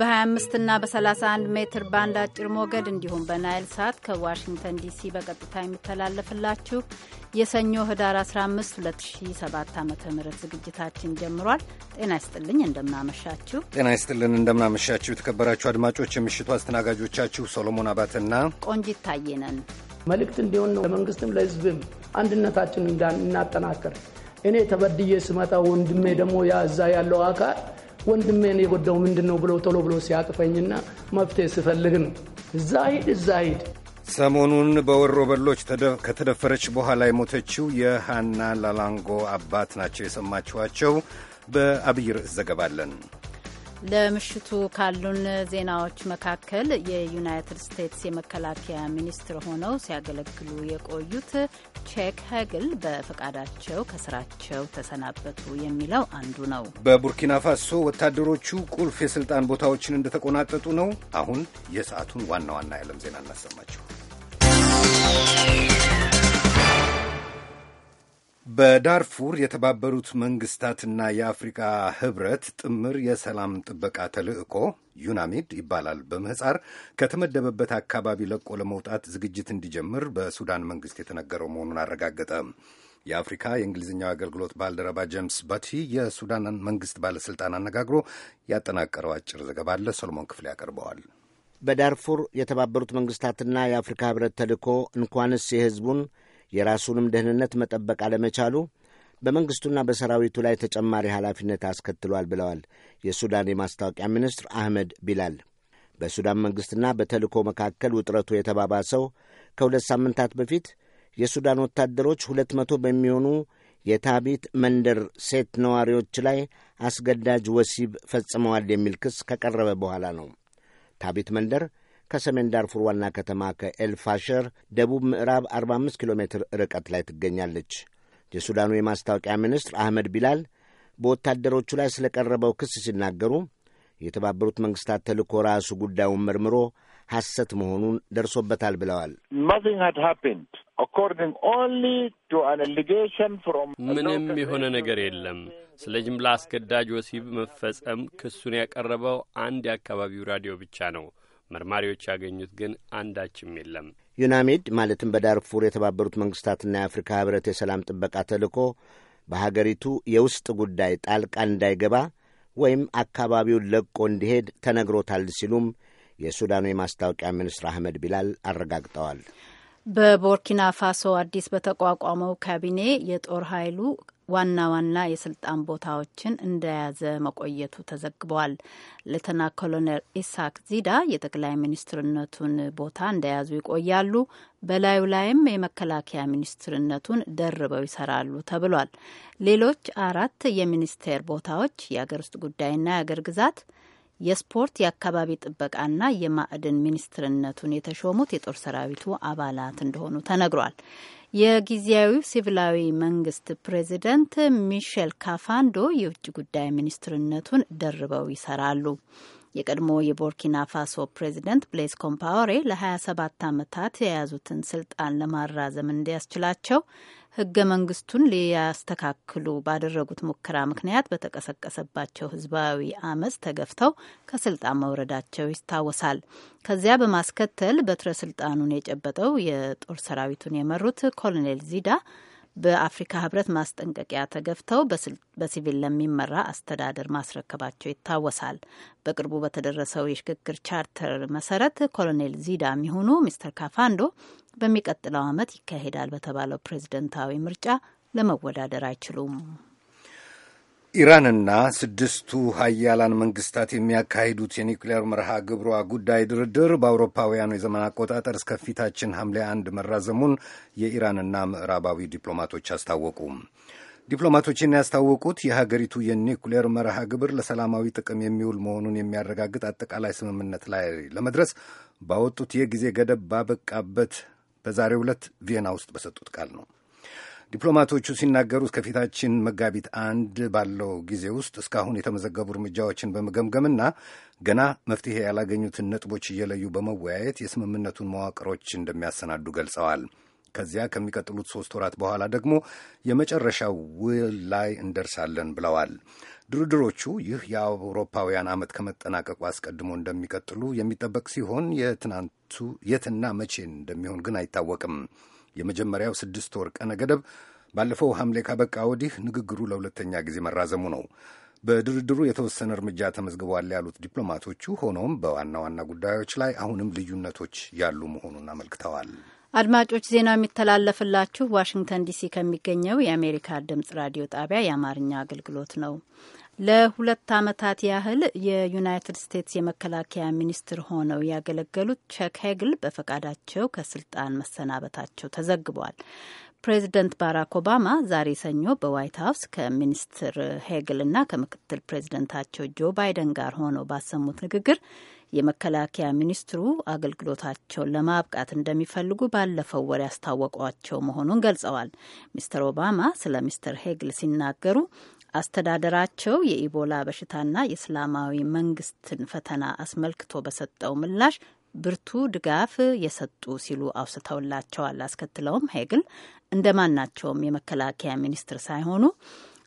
በ25 እና በ31 ሜትር ባንድ አጭር ሞገድ እንዲሁም በናይል ሳት ከዋሽንግተን ዲሲ በቀጥታ የሚተላለፍላችሁ የሰኞ ህዳር 15 2007 ዓ ም ዝግጅታችን ጀምሯል። ጤና ይስጥልኝ፣ እንደምናመሻችሁ። ጤና ይስጥልን፣ እንደምናመሻችሁ። የተከበራችሁ አድማጮች፣ የምሽቱ አስተናጋጆቻችሁ ሶሎሞን አባትና ቆንጂት ታየነን መልእክት እንዲሆን ነው ለመንግስትም ለህዝብም አንድነታችን እንዳናጠናከር እኔ ተበድዬ ስመጣ ወንድሜ ደግሞ ያዛ ያለው አካል ወንድሜን የጎዳው ምንድን ነው ብለው ቶሎ ብሎ ሲያቅፈኝና መፍትሄ ስፈልግ ነው። እዛ ሂድ እዛ ሂድ። ሰሞኑን በወሮ በሎች ከተደፈረች በኋላ የሞተችው የሃና ላላንጎ አባት ናቸው የሰማችኋቸው። በአብይ ርዕስ ዘገባለን። ለምሽቱ ካሉን ዜናዎች መካከል የዩናይትድ ስቴትስ የመከላከያ ሚኒስትር ሆነው ሲያገለግሉ የቆዩት ቼክ ሄግል በፈቃዳቸው ከስራቸው ተሰናበቱ የሚለው አንዱ ነው። በቡርኪና ፋሶ ወታደሮቹ ቁልፍ የስልጣን ቦታዎችን እንደተቆናጠጡ ነው። አሁን የሰዓቱን ዋና ዋና የዓለም ዜና እናሰማችሁ። በዳርፉር የተባበሩት መንግስታትና የአፍሪካ ህብረት ጥምር የሰላም ጥበቃ ተልዕኮ ዩናሚድ ይባላል በምህፃር ከተመደበበት አካባቢ ለቆ ለመውጣት ዝግጅት እንዲጀምር በሱዳን መንግስት የተነገረው መሆኑን አረጋገጠ። የአፍሪካ የእንግሊዝኛው አገልግሎት ባልደረባ ጄምስ ባቲ የሱዳን መንግስት ባለሥልጣን አነጋግሮ ያጠናቀረው አጭር ዘገባ አለ። ሰሎሞን ክፍሌ ያቀርበዋል። በዳርፉር የተባበሩት መንግስታትና የአፍሪካ ህብረት ተልዕኮ እንኳንስ የህዝቡን የራሱንም ደህንነት መጠበቅ አለመቻሉ በመንግሥቱና በሰራዊቱ ላይ ተጨማሪ ኃላፊነት አስከትሏል ብለዋል የሱዳን የማስታወቂያ ሚኒስትር አህመድ ቢላል። በሱዳን መንግሥትና በተልእኮ መካከል ውጥረቱ የተባባሰው ከሁለት ሳምንታት በፊት የሱዳን ወታደሮች ሁለት መቶ በሚሆኑ የታቢት መንደር ሴት ነዋሪዎች ላይ አስገዳጅ ወሲብ ፈጽመዋል የሚል ክስ ከቀረበ በኋላ ነው። ታቢት መንደር ከሰሜን ዳርፉር ዋና ከተማ ከኤልፋሸር ደቡብ ምዕራብ 45 ኪሎ ሜትር ርቀት ላይ ትገኛለች። የሱዳኑ የማስታወቂያ ሚኒስትር አህመድ ቢላል በወታደሮቹ ላይ ስለቀረበው ክስ ሲናገሩ የተባበሩት መንግስታት ተልእኮ ራሱ ጉዳዩን መርምሮ ሐሰት መሆኑን ደርሶበታል ብለዋል። ምንም የሆነ ነገር የለም። ስለ ጅምላ አስገዳጅ ወሲብ መፈጸም ክሱን ያቀረበው አንድ የአካባቢው ራዲዮ ብቻ ነው። መርማሪዎች ያገኙት ግን አንዳችም የለም። ዩናሚድ ማለትም በዳርፉር የተባበሩት መንግስታትና የአፍሪካ ህብረት የሰላም ጥበቃ ተልዕኮ በሀገሪቱ የውስጥ ጉዳይ ጣልቃ እንዳይገባ ወይም አካባቢውን ለቆ እንዲሄድ ተነግሮታል ሲሉም የሱዳኑ የማስታወቂያ ሚኒስትር አህመድ ቢላል አረጋግጠዋል። በቦርኪና ፋሶ አዲስ በተቋቋመው ካቢኔ የጦር ኃይሉ ዋና ዋና የስልጣን ቦታዎችን እንደያዘ መቆየቱ ተዘግበዋል። ሌተና ኮሎኔል ኢሳክ ዚዳ የጠቅላይ ሚኒስትርነቱን ቦታ እንደያዙ ይቆያሉ። በላዩ ላይም የመከላከያ ሚኒስትርነቱን ደርበው ይሰራሉ ተብሏል። ሌሎች አራት የሚኒስቴር ቦታዎች የአገር ውስጥ ጉዳይና የአገር ግዛት የስፖርት የአካባቢ ጥበቃና የማዕድን ሚኒስትርነቱን የተሾሙት የጦር ሰራዊቱ አባላት እንደሆኑ ተነግሯል። የጊዜያዊው ሲቪላዊ መንግስት ፕሬዚደንት ሚሼል ካፋንዶ የውጭ ጉዳይ ሚኒስትርነቱን ደርበው ይሰራሉ። የቀድሞ የቦርኪና ፋሶ ፕሬዚደንት ብሌስ ኮምፓወሬ ለ27 ዓመታት የያዙትን ስልጣን ለማራዘም እንዲያስችላቸው ህገ መንግስቱን ሊያስተካክሉ ባደረጉት ሙከራ ምክንያት በተቀሰቀሰባቸው ህዝባዊ አመፅ ተገፍተው ከስልጣን መውረዳቸው ይታወሳል። ከዚያ በማስከተል በትረ ስልጣኑን የጨበጠው የጦር ሰራዊቱን የመሩት ኮሎኔል ዚዳ በአፍሪካ ህብረት ማስጠንቀቂያ ተገፍተው በሲቪል ለሚመራ አስተዳደር ማስረከባቸው ይታወሳል። በቅርቡ በተደረሰው የሽግግር ቻርተር መሰረት ኮሎኔል ዚዳ የሚሆኑ ሚስተር ካፋንዶ በሚቀጥለው ዓመት ይካሄዳል በተባለው ፕሬዝደንታዊ ምርጫ ለመወዳደር አይችሉም። ኢራንና ስድስቱ ሀያላን መንግስታት የሚያካሂዱት የኒውክሌር መርሃ ግብሯ ጉዳይ ድርድር በአውሮፓውያኑ የዘመን አቆጣጠር እስከ ፊታችን ሐምሌ አንድ መራዘሙን የኢራንና ምዕራባዊ ዲፕሎማቶች አስታወቁ። ዲፕሎማቶችን ያስታወቁት የሀገሪቱ የኒውክሌር መርሃ ግብር ለሰላማዊ ጥቅም የሚውል መሆኑን የሚያረጋግጥ አጠቃላይ ስምምነት ላይ ለመድረስ ባወጡት የጊዜ ገደብ ባበቃበት በዛሬው ዕለት ቪየና ውስጥ በሰጡት ቃል ነው። ዲፕሎማቶቹ ሲናገሩት ከፊታችን መጋቢት አንድ ባለው ጊዜ ውስጥ እስካሁን የተመዘገቡ እርምጃዎችን በመገምገምና ገና መፍትሄ ያላገኙትን ነጥቦች እየለዩ በመወያየት የስምምነቱን መዋቅሮች እንደሚያሰናዱ ገልጸዋል። ከዚያ ከሚቀጥሉት ሶስት ወራት በኋላ ደግሞ የመጨረሻው ውል ላይ እንደርሳለን ብለዋል። ድርድሮቹ ይህ የአውሮፓውያን ዓመት ከመጠናቀቁ አስቀድሞ እንደሚቀጥሉ የሚጠበቅ ሲሆን የትናንቱ የትና መቼ እንደሚሆን ግን አይታወቅም። የመጀመሪያው ስድስት ወር ቀነ ገደብ ባለፈው ሐምሌ ካበቃ ወዲህ ንግግሩ ለሁለተኛ ጊዜ መራዘሙ ነው። በድርድሩ የተወሰነ እርምጃ ተመዝግቧል ያሉት ዲፕሎማቶቹ፣ ሆኖም በዋና ዋና ጉዳዮች ላይ አሁንም ልዩነቶች ያሉ መሆኑን አመልክተዋል። አድማጮች ዜናው የሚተላለፍላችሁ ዋሽንግተን ዲሲ ከሚገኘው የአሜሪካ ድምጽ ራዲዮ ጣቢያ የአማርኛ አገልግሎት ነው። ለሁለት ዓመታት ያህል የዩናይትድ ስቴትስ የመከላከያ ሚኒስትር ሆነው ያገለገሉት ቸክ ሄግል በፈቃዳቸው ከስልጣን መሰናበታቸው ተዘግቧል። ፕሬዚደንት ባራክ ኦባማ ዛሬ ሰኞ በዋይት ሀውስ ከሚኒስትር ሄግል እና ከምክትል ፕሬዚደንታቸው ጆ ባይደን ጋር ሆነው ባሰሙት ንግግር የመከላከያ ሚኒስትሩ አገልግሎታቸውን ለማብቃት እንደሚፈልጉ ባለፈው ወር ያስታወቋቸው መሆኑን ገልጸዋል። ሚስተር ኦባማ ስለ ሚስተር ሄግል ሲናገሩ አስተዳደራቸው የኢቦላ በሽታና የእስላማዊ መንግስትን ፈተና አስመልክቶ በሰጠው ምላሽ ብርቱ ድጋፍ የሰጡ ሲሉ አውስተውላቸዋል። አስከትለውም ሄግል እንደ ማናቸውም የመከላከያ ሚኒስትር ሳይሆኑ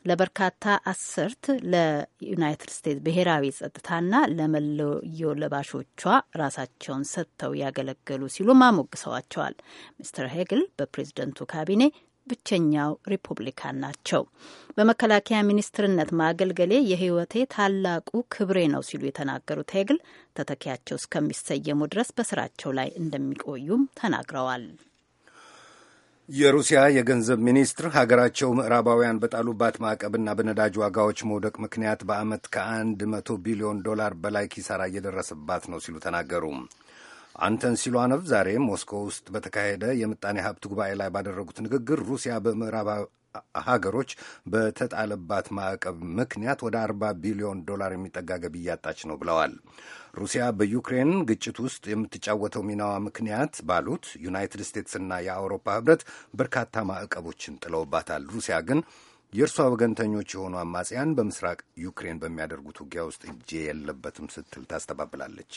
ለበርካታ አስርት ለዩናይትድ ስቴትስ ብሔራዊ ጸጥታና ለመለዮ ለባሾቿ ራሳቸውን ሰጥተው ያገለገሉ ሲሉም አሞግሰዋቸዋል። ሚስተር ሄግል በፕሬዝደንቱ ካቢኔ ብቸኛው ሪፑብሊካን ናቸው። በመከላከያ ሚኒስትርነት ማገልገሌ የህይወቴ ታላቁ ክብሬ ነው ሲሉ የተናገሩት ሄግል ተተኪያቸው እስከሚሰየሙ ድረስ በስራቸው ላይ እንደሚቆዩም ተናግረዋል። የሩሲያ የገንዘብ ሚኒስትር ሀገራቸው ምዕራባውያን በጣሉባት ማዕቀብና በነዳጅ ዋጋዎች መውደቅ ምክንያት በዓመት ከአንድ መቶ ቢሊዮን ዶላር በላይ ኪሳራ እየደረሰባት ነው ሲሉ ተናገሩ። አንተን ሲሏነቭ ዛሬ ሞስኮ ውስጥ በተካሄደ የምጣኔ ሀብት ጉባኤ ላይ ባደረጉት ንግግር ሩሲያ በምዕራብ ሀገሮች በተጣለባት ማዕቀብ ምክንያት ወደ 40 ቢሊዮን ዶላር የሚጠጋ ገቢ እያጣች ነው ብለዋል። ሩሲያ በዩክሬን ግጭት ውስጥ የምትጫወተው ሚናዋ ምክንያት ባሉት ዩናይትድ ስቴትስና የአውሮፓ ህብረት በርካታ ማዕቀቦችን ጥለውባታል። ሩሲያ ግን የእርሷ ወገንተኞች የሆኑ አማጽያን በምስራቅ ዩክሬን በሚያደርጉት ውጊያ ውስጥ እጄ የለበትም ስትል ታስተባብላለች።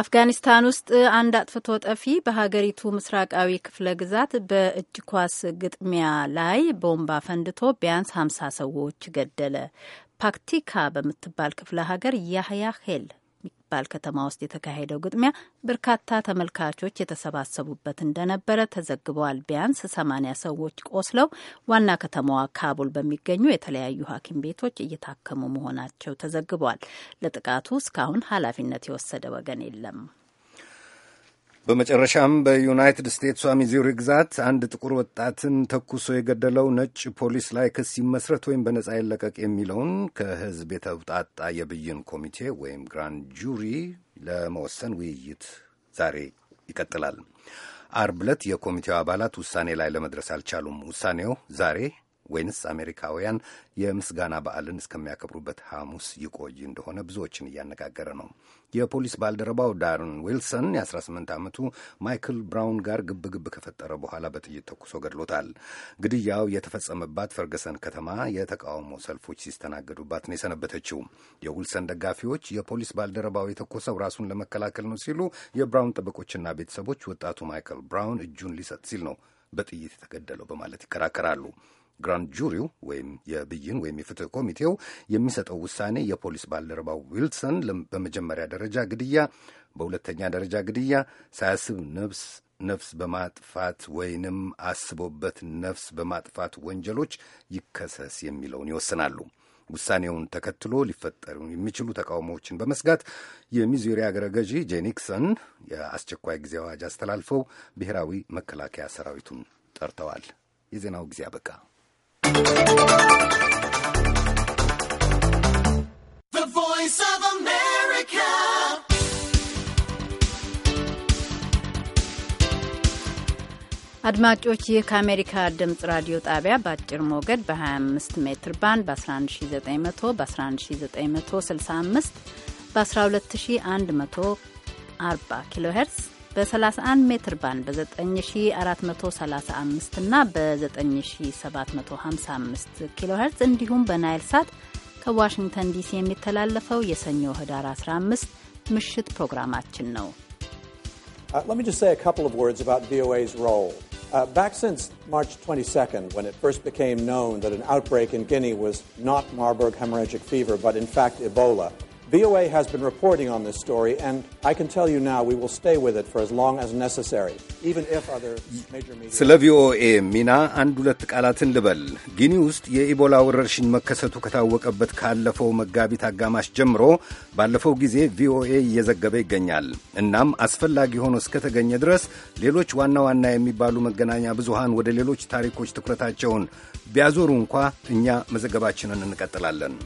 አፍጋኒስታን ውስጥ አንድ አጥፍቶ ጠፊ በሀገሪቱ ምስራቃዊ ክፍለ ግዛት በእጅ ኳስ ግጥሚያ ላይ ቦምባ ፈንድቶ ቢያንስ ሀምሳ ሰዎች ገደለ። ፓክቲካ በምትባል ክፍለ ሀገር ያህያ ሄል በምትባል ከተማ ውስጥ የተካሄደው ግጥሚያ በርካታ ተመልካቾች የተሰባሰቡበት እንደነበረ ተዘግበዋል። ቢያንስ ሰማኒያ ሰዎች ቆስለው ዋና ከተማዋ ካቡል በሚገኙ የተለያዩ ሐኪም ቤቶች እየታከሙ መሆናቸው ተዘግበዋል። ለጥቃቱ እስካሁን ኃላፊነት የወሰደ ወገን የለም። በመጨረሻም በዩናይትድ ስቴትሷ ሚዙሪ ግዛት አንድ ጥቁር ወጣትን ተኩሶ የገደለው ነጭ ፖሊስ ላይ ክስ ይመስረት ወይም በነጻ ይለቀቅ የሚለውን ከህዝብ የተውጣጣ የብይን ኮሚቴ ወይም ግራንድ ጁሪ ለመወሰን ውይይት ዛሬ ይቀጥላል። አርብ ዕለት የኮሚቴው አባላት ውሳኔ ላይ ለመድረስ አልቻሉም። ውሳኔው ዛሬ ወይንስ አሜሪካውያን የምስጋና በዓልን እስከሚያከብሩበት ሐሙስ ይቆይ እንደሆነ ብዙዎችን እያነጋገረ ነው። የፖሊስ ባልደረባው ዳርን ዊልሰን የ18 ዓመቱ ማይክል ብራውን ጋር ግብ ግብ ከፈጠረ በኋላ በጥይት ተኩሶ ገድሎታል። ግድያው የተፈጸመባት ፈርገሰን ከተማ የተቃውሞ ሰልፎች ሲስተናገዱባት ነው የሰነበተችው። የዊልሰን ደጋፊዎች የፖሊስ ባልደረባው የተኮሰው ራሱን ለመከላከል ነው ሲሉ፣ የብራውን ጠበቆችና ቤተሰቦች ወጣቱ ማይክል ብራውን እጁን ሊሰጥ ሲል ነው በጥይት የተገደለው በማለት ይከራከራሉ። ግራንድ ጁሪው ወይም የብይን ወይም የፍትህ ኮሚቴው የሚሰጠው ውሳኔ የፖሊስ ባልደረባው ዊልሰን በመጀመሪያ ደረጃ ግድያ፣ በሁለተኛ ደረጃ ግድያ ሳያስብ ነፍስ ነፍስ በማጥፋት ወይንም አስቦበት ነፍስ በማጥፋት ወንጀሎች ይከሰስ የሚለውን ይወስናሉ። ውሳኔውን ተከትሎ ሊፈጠሩ የሚችሉ ተቃውሞዎችን በመስጋት የሚዙሪ አገረ ገዢ ጄኒክሰን የአስቸኳይ ጊዜ አዋጅ አስተላልፈው ብሔራዊ መከላከያ ሰራዊቱን ጠርተዋል። የዜናው ጊዜ አበቃ። አድማጮች ይህ ከአሜሪካ ድምጽ ራዲዮ ጣቢያ በአጭር ሞገድ በ25 ሜትር ባንድ በ11900 በ11965 በ12140 ኪሎ ሄርስ በ31 ሜትር ባንድ በ9435 እና በ9755 ኪሎ ሄርዝ እንዲሁም በናይል ሳት ከዋሽንግተን ዲሲ የሚተላለፈው የሰኞ ህዳር 15 ምሽት ፕሮግራማችን ነው። uh, Let me just say a couple of words about VOA's role. Uh, back since March 22nd, when it first became known that an outbreak in Guinea was not Marburg hemorrhagic fever, but in fact Ebola, VOA has been reporting on this story, and I can tell you now we will stay with it for as long as necessary, even if other major media... ስለ ቪኦኤ ሚና አንድ ሁለት ቃላትን ልበል። ጊኒ ውስጥ የኢቦላ ወረርሽኝ መከሰቱ ከታወቀበት ካለፈው መጋቢት አጋማሽ ጀምሮ ባለፈው ጊዜ ቪኦኤ እየዘገበ ይገኛል። እናም አስፈላጊ ሆኖ እስከተገኘ ድረስ ሌሎች ዋና ዋና የሚባሉ መገናኛ ብዙሃን ወደ ሌሎች ታሪኮች ትኩረታቸውን ቢያዞሩ እንኳ እኛ መዘገባችንን እንቀጥላለን።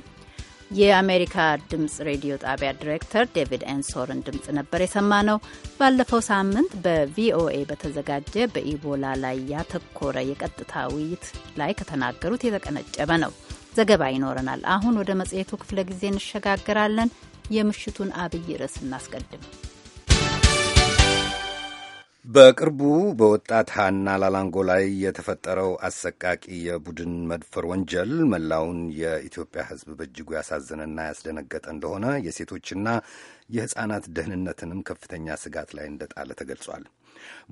የአሜሪካ ድምፅ ሬዲዮ ጣቢያ ዲሬክተር ዴቪድ ኤንሶርን ድምፅ ነበር የሰማ ነው። ባለፈው ሳምንት በቪኦኤ በተዘጋጀ በኢቦላ ላይ ያተኮረ የቀጥታ ውይይት ላይ ከተናገሩት የተቀነጨበ ነው። ዘገባ ይኖረናል። አሁን ወደ መጽሔቱ ክፍለ ጊዜ እንሸጋግራለን። የምሽቱን አብይ ርዕስ እናስቀድም። በቅርቡ በወጣት ሀና ላላንጎ ላይ የተፈጠረው አሰቃቂ የቡድን መድፈር ወንጀል መላውን የኢትዮጵያ ሕዝብ በእጅጉ ያሳዘነና ያስደነገጠ እንደሆነ የሴቶችና የሕፃናት ደህንነትንም ከፍተኛ ስጋት ላይ እንደጣለ ተገልጿል።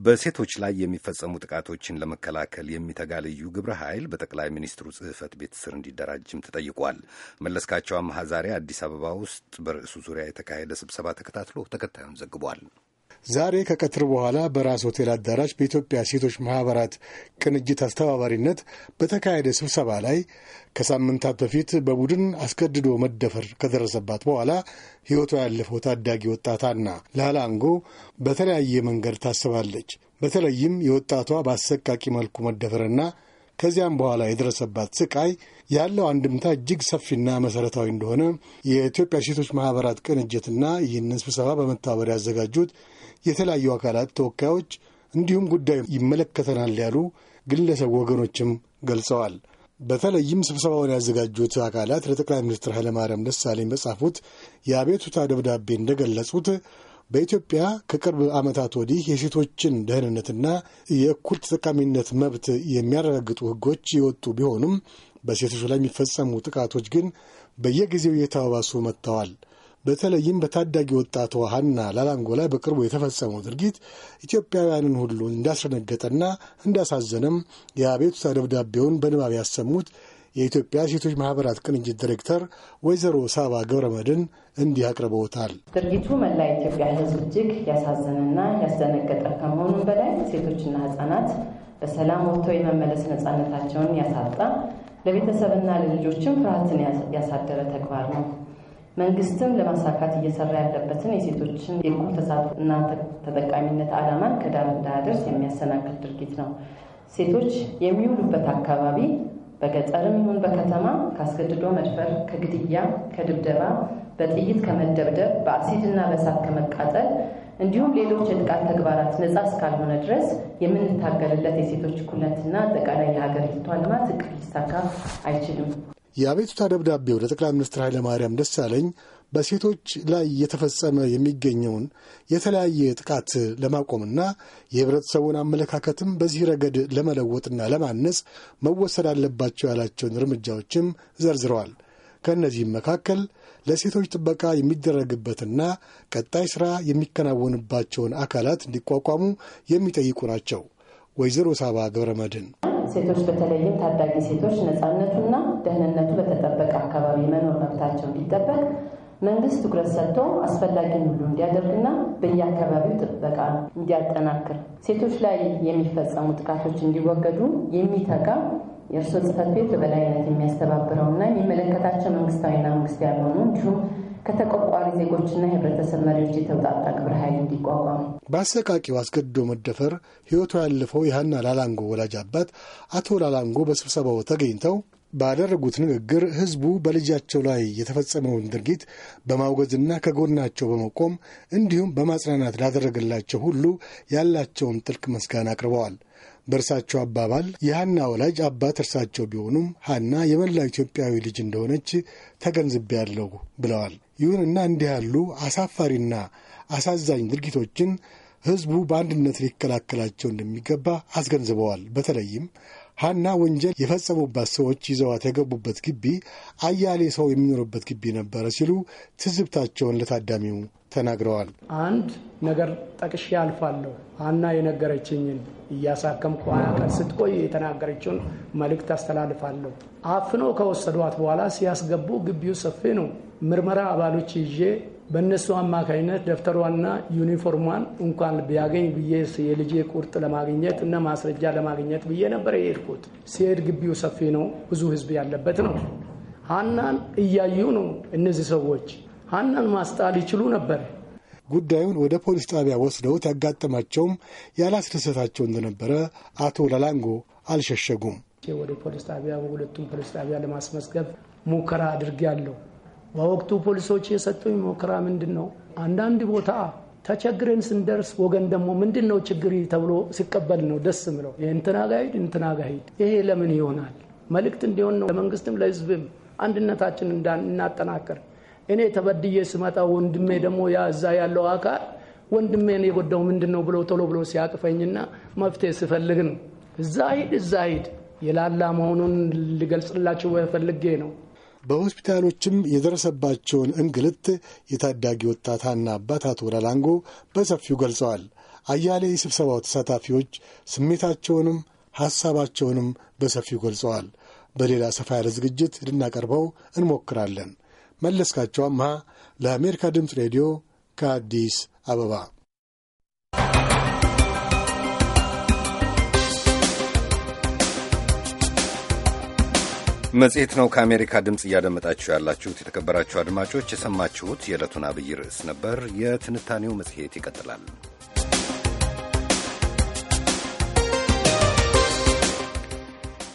በሴቶች ላይ የሚፈጸሙ ጥቃቶችን ለመከላከል የሚተጋ ልዩ ግብረ ኃይል በጠቅላይ ሚኒስትሩ ጽህፈት ቤት ስር እንዲደራጅም ተጠይቋል። መለስካቸው አምሃ ዛሬ አዲስ አበባ ውስጥ በርዕሱ ዙሪያ የተካሄደ ስብሰባ ተከታትሎ ተከታዩን ዘግቧል። ዛሬ ከቀትር በኋላ በራስ ሆቴል አዳራሽ በኢትዮጵያ ሴቶች ማኅበራት ቅንጅት አስተባባሪነት በተካሄደ ስብሰባ ላይ ከሳምንታት በፊት በቡድን አስገድዶ መደፈር ከደረሰባት በኋላ ሕይወቷ ያለፈው ታዳጊ ወጣት ሀና ላላንጎ በተለያየ መንገድ ታስባለች። በተለይም የወጣቷ በአሰቃቂ መልኩ መደፈርና ከዚያም በኋላ የደረሰባት ስቃይ ያለው አንድምታ እጅግ ሰፊና መሠረታዊ እንደሆነ የኢትዮጵያ ሴቶች ማኅበራት ቅንጅትና ይህንን ስብሰባ በመተባበር ያዘጋጁት የተለያዩ አካላት ተወካዮች እንዲሁም ጉዳዩ ይመለከተናል ያሉ ግለሰብ ወገኖችም ገልጸዋል። በተለይም ስብሰባውን ያዘጋጁት አካላት ለጠቅላይ ሚኒስትር ኃይለማርያም ደሳለኝ በጻፉት የአቤቱታ ደብዳቤ እንደገለጹት በኢትዮጵያ ከቅርብ ዓመታት ወዲህ የሴቶችን ደህንነትና የእኩል ተጠቃሚነት መብት የሚያረጋግጡ ሕጎች የወጡ ቢሆኑም በሴቶች ላይ የሚፈጸሙ ጥቃቶች ግን በየጊዜው እየተባባሱ መጥተዋል። በተለይም በታዳጊ ወጣቷ ሀና ላላንጎ ላይ በቅርቡ የተፈጸመው ድርጊት ኢትዮጵያውያንን ሁሉ እንዳስደነገጠና እንዳሳዘነም የአቤቱታ ደብዳቤውን በንባብ ያሰሙት የኢትዮጵያ ሴቶች ማህበራት ቅንጅት ዲሬክተር ወይዘሮ ሳባ ገብረመድን እንዲህ አቅርበውታል። ድርጊቱ መላ ኢትዮጵያ ሕዝብ እጅግ ያሳዘነና ያስደነገጠ ከመሆኑ በላይ ሴቶችና ሕጻናት በሰላም ወጥተው የመመለስ ነፃነታቸውን ያሳጣ፣ ለቤተሰብና ለልጆችም ፍርሃትን ያሳደረ ተግባር ነው። መንግስትም ለማሳካት እየሰራ ያለበትን የሴቶችን የእኩል ተሳትፎ እና ተጠቃሚነት ዓላማን ከዳር እንዳያደርስ የሚያሰናክል ድርጊት ነው። ሴቶች የሚውሉበት አካባቢ በገጠርም ይሁን በከተማ ካስገድዶ መድፈር፣ ከግድያ፣ ከድብደባ፣ በጥይት ከመደብደብ፣ በአሲድና በእሳት ከመቃጠል እንዲሁም ሌሎች የጥቃት ተግባራት ነጻ እስካልሆነ ድረስ የምንታገልለት የሴቶች እኩልነትና አጠቃላይ የሀገሪቷ ልማት እቅድ ሊሳካ አይችልም። የአቤቱታ ደብዳቤው ለጠቅላይ ሚኒስትር ኃይለማርያም ደሳለኝ በሴቶች ላይ እየተፈጸመ የሚገኘውን የተለያየ ጥቃት ለማቆምና የህብረተሰቡን አመለካከትም በዚህ ረገድ ለመለወጥና ለማነጽ መወሰድ አለባቸው ያላቸውን እርምጃዎችም ዘርዝረዋል። ከእነዚህም መካከል ለሴቶች ጥበቃ የሚደረግበትና ቀጣይ ሥራ የሚከናወንባቸውን አካላት እንዲቋቋሙ የሚጠይቁ ናቸው። ወይዘሮ ሳባ ገብረ መድን ሴቶች በተለይም ታዳጊ ሴቶች ነፃነቱና ደህንነቱ በተጠበቀ አካባቢ መኖር መብታቸው እንዲጠበቅ መንግስት ትኩረት ሰጥቶ አስፈላጊ ሁሉ እንዲያደርግና በየአካባቢው ጥበቃ እንዲያጠናክር፣ ሴቶች ላይ የሚፈጸሙ ጥቃቶች እንዲወገዱ የሚተጋ የእርስዎ ጽህፈት ቤት በበላይነት የሚያስተባብረውና የሚመለከታቸው መንግስታዊና መንግስት ያልሆኑ እንዲሁም ከተቆርቋሪ ዜጎችና የህብረተሰብ መሪዎች የተውጣጣ ግብረ ኃይል እንዲቋቋም በአሰቃቂው አስገድዶ መደፈር ህይወቱ ያለፈው የሀና ላላንጎ ወላጅ አባት አቶ ላላንጎ በስብሰባው ተገኝተው ባደረጉት ንግግር ህዝቡ በልጃቸው ላይ የተፈጸመውን ድርጊት በማውገዝና ከጎናቸው በመቆም እንዲሁም በማጽናናት ላደረገላቸው ሁሉ ያላቸውን ጥልቅ ምስጋና አቅርበዋል። በእርሳቸው አባባል የሀና ወላጅ አባት እርሳቸው ቢሆኑም ሀና የመላው ኢትዮጵያዊ ልጅ እንደሆነች ተገንዝቤያለሁ ብለዋል። ይሁንና እንዲህ ያሉ አሳፋሪና አሳዛኝ ድርጊቶችን ሕዝቡ በአንድነት ሊከላከላቸው እንደሚገባ አስገንዝበዋል። በተለይም ሀና ወንጀል የፈጸሙባት ሰዎች ይዘዋት የገቡበት ግቢ አያሌ ሰው የሚኖርበት ግቢ ነበረ ሲሉ ትዝብታቸውን ለታዳሚው ተናግረዋል። አንድ ነገር ጠቅሼ አልፋለሁ። ሀና የነገረችኝን እያሳከምኩ ሀያ ቀን ስትቆይ የተናገረችውን መልእክት አስተላልፋለሁ። አፍኖ ከወሰዷት በኋላ ሲያስገቡ ግቢው ሰፊ ነው። ምርመራ አባሎች ይዤ በእነሱ አማካኝነት ደብተሯና ዩኒፎርሟን እንኳን ቢያገኝ ብዬ የልጄ ቁርጥ ለማግኘት እና ማስረጃ ለማግኘት ብዬ ነበር የሄድኩት። ሲሄድ ግቢው ሰፊ ነው፣ ብዙ ህዝብ ያለበት ነው። ሀናን እያዩ ነው እነዚህ ሰዎች ሀናን ማስጣል ይችሉ ነበር። ጉዳዩን ወደ ፖሊስ ጣቢያ ወስደውት ያጋጠማቸውም ያላስደሰታቸው እንደነበረ አቶ ለላንጎ አልሸሸጉም። ወደ ፖሊስ ጣቢያ ሁለቱም ፖሊስ ጣቢያ ለማስመዝገብ ሙከራ አድርጌያለሁ። በወቅቱ ፖሊሶች የሰጡኝ ሙከራ ምንድን ነው? አንዳንድ ቦታ ተቸግረን ስንደርስ ወገን ደግሞ ምንድን ነው ችግር ተብሎ ሲቀበል ነው ደስ ምለው። እንትና ጋ ሂድ፣ እንትና ሂድ። ይሄ ለምን ይሆናል? መልእክት እንዲሆን ነው ለመንግስትም ለህዝብም አንድነታችን እናጠናከር እኔ ተበድዬ ስመጣ ወንድሜ ደግሞ ያዛ ያለው አካል ነው የጎዳው ምንድን ነው ብሎ ቶሎ ብሎ ሲያቅፈኝና መፍትሄ ስፈልግ ነው። እዛ ሂድ እዛ ሂድ የላላ መሆኑን ልገልጽላቸው ፈልጌ ነው። በሆስፒታሎችም የደረሰባቸውን እንግልት የታዳጊ ወጣት ሀና አባት አቶ ወላላንጎ በሰፊው ገልጸዋል። አያሌ የስብሰባው ተሳታፊዎች ስሜታቸውንም ሐሳባቸውንም በሰፊው ገልጸዋል። በሌላ ሰፋ ያለ ዝግጅት ልናቀርበው እንሞክራለን። መለስካቸው አምሃ ለአሜሪካ ድምፅ ሬዲዮ ከአዲስ አበባ መጽሔት ነው። ከአሜሪካ ድምፅ እያደመጣችሁ ያላችሁት የተከበራችሁ አድማጮች፣ የሰማችሁት የዕለቱን አብይ ርዕስ ነበር። የትንታኔው መጽሔት ይቀጥላል።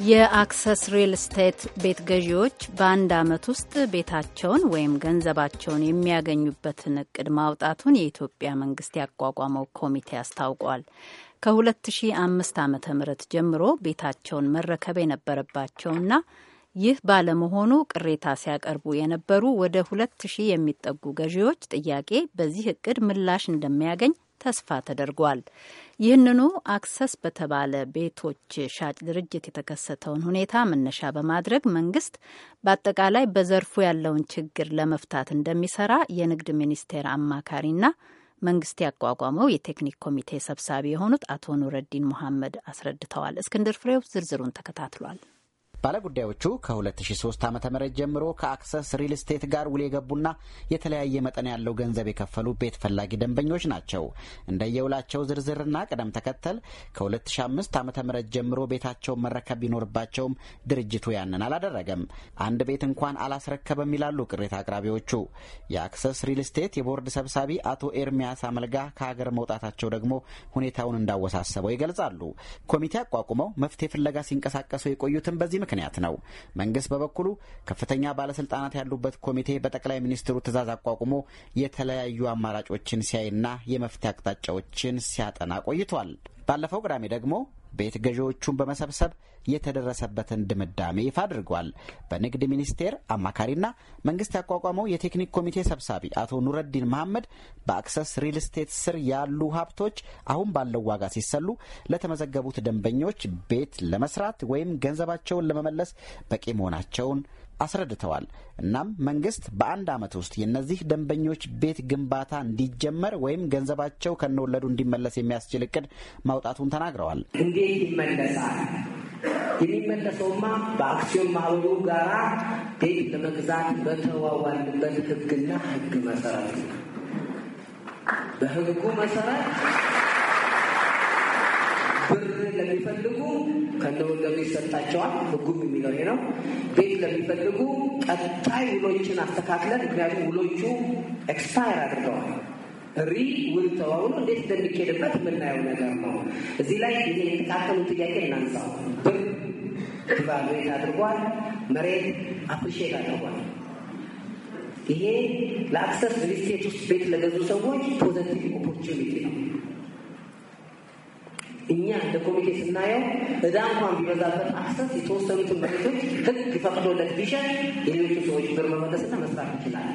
የአክሰስ ሪል ስቴት ቤት ገዢዎች በአንድ ዓመት ውስጥ ቤታቸውን ወይም ገንዘባቸውን የሚያገኙበትን እቅድ ማውጣቱን የኢትዮጵያ መንግስት ያቋቋመው ኮሚቴ አስታውቋል። ከ2005 ዓ ም ጀምሮ ቤታቸውን መረከብ የነበረባቸውና ይህ ባለመሆኑ ቅሬታ ሲያቀርቡ የነበሩ ወደ 2000 የሚጠጉ ገዢዎች ጥያቄ በዚህ እቅድ ምላሽ እንደሚያገኝ ተስፋ ተደርጓል። ይህንኑ አክሰስ በተባለ ቤቶች ሻጭ ድርጅት የተከሰተውን ሁኔታ መነሻ በማድረግ መንግስት በአጠቃላይ በዘርፉ ያለውን ችግር ለመፍታት እንደሚሰራ የንግድ ሚኒስቴር አማካሪና መንግስት ያቋቋመው የቴክኒክ ኮሚቴ ሰብሳቢ የሆኑት አቶ ኑረዲን ሙሐመድ አስረድተዋል። እስክንድር ፍሬው ዝርዝሩን ተከታትሏል። ባለጉዳዮቹ ከ2003 ዓ ም ጀምሮ ከአክሰስ ሪል ስቴት ጋር ውል የገቡና የተለያየ መጠን ያለው ገንዘብ የከፈሉ ቤት ፈላጊ ደንበኞች ናቸው። እንደየውላቸው ዝርዝርና ቅደም ተከተል ከ2005 ዓ ም ጀምሮ ቤታቸውን መረከብ ቢኖርባቸውም ድርጅቱ ያንን አላደረገም። አንድ ቤት እንኳን አላስረከበም ይላሉ ቅሬታ አቅራቢዎቹ። የአክሰስ ሪል ስቴት የቦርድ ሰብሳቢ አቶ ኤርሚያስ አመልጋ ከሀገር መውጣታቸው ደግሞ ሁኔታውን እንዳወሳሰበው ይገልጻሉ። ኮሚቴ አቋቁመው መፍትሄ ፍለጋ ሲንቀሳቀሱ የቆዩትን በዚህ ምክንያት ነው። መንግስት በበኩሉ ከፍተኛ ባለስልጣናት ያሉበት ኮሚቴ በጠቅላይ ሚኒስትሩ ትዕዛዝ አቋቁሞ የተለያዩ አማራጮችን ሲያይና የመፍትሄ አቅጣጫዎችን ሲያጠና ቆይቷል። ባለፈው ቅዳሜ ደግሞ ቤት ገዢዎቹን በመሰብሰብ የተደረሰበትን ድምዳሜ ይፋ አድርጓል። በንግድ ሚኒስቴር አማካሪና መንግስት ያቋቋመው የቴክኒክ ኮሚቴ ሰብሳቢ አቶ ኑረዲን መሐመድ በአክሰስ ሪል ስቴት ስር ያሉ ሀብቶች አሁን ባለው ዋጋ ሲሰሉ ለተመዘገቡት ደንበኞች ቤት ለመስራት ወይም ገንዘባቸውን ለመመለስ በቂ መሆናቸውን አስረድተዋል። እናም መንግስት በአንድ ዓመት ውስጥ የእነዚህ ደንበኞች ቤት ግንባታ እንዲጀመር ወይም ገንዘባቸው ከነወለዱ እንዲመለስ የሚያስችል እቅድ ማውጣቱን ተናግረዋል። እንዴት ይመለሳል? የሚመለሰውማ በአክሲዮን ማህበሩ ጋራ ቤት ለመግዛት በተዋዋልበት ህግና ህግ መሰረት በህጉ መሰረት ብር ለሚፈልጉ ከነወለዱ ይሰጣቸዋል። ህጉም የሚለው ይሄ ነው። ቤት ለሚፈልጉ ቀጣይ ውሎችን አስተካክለን፣ ምክንያቱም ውሎቹ ኤክስፓየር አድርገዋል። ሪ ውል ተዋውሎ እንዴት እንደሚኬድበት የምናየው ነገር ነው። እዚህ ላይ ይሄ የተካከሉ ጥያቄ እናንሳው። ብር ቫሉዌት አድርጓል። መሬት አፕሪሼት አድርጓል። ይሄ ለአክሰስ ሪስቴት ስቴት ውስጥ ቤት ለገዙ ሰዎች ፖዘቲቭ ኦፖርቹኒቲ ነው። እኛ እንደ ኮሚቴ ስናየው እዳ እንኳን ቢበዛበት አክሰስ የተወሰኑትን መሬቶች ህግ ፈቅዶለት ቢሸጥ የሌሎቹ ሰዎች ብር መመለስና መስራት ይችላል።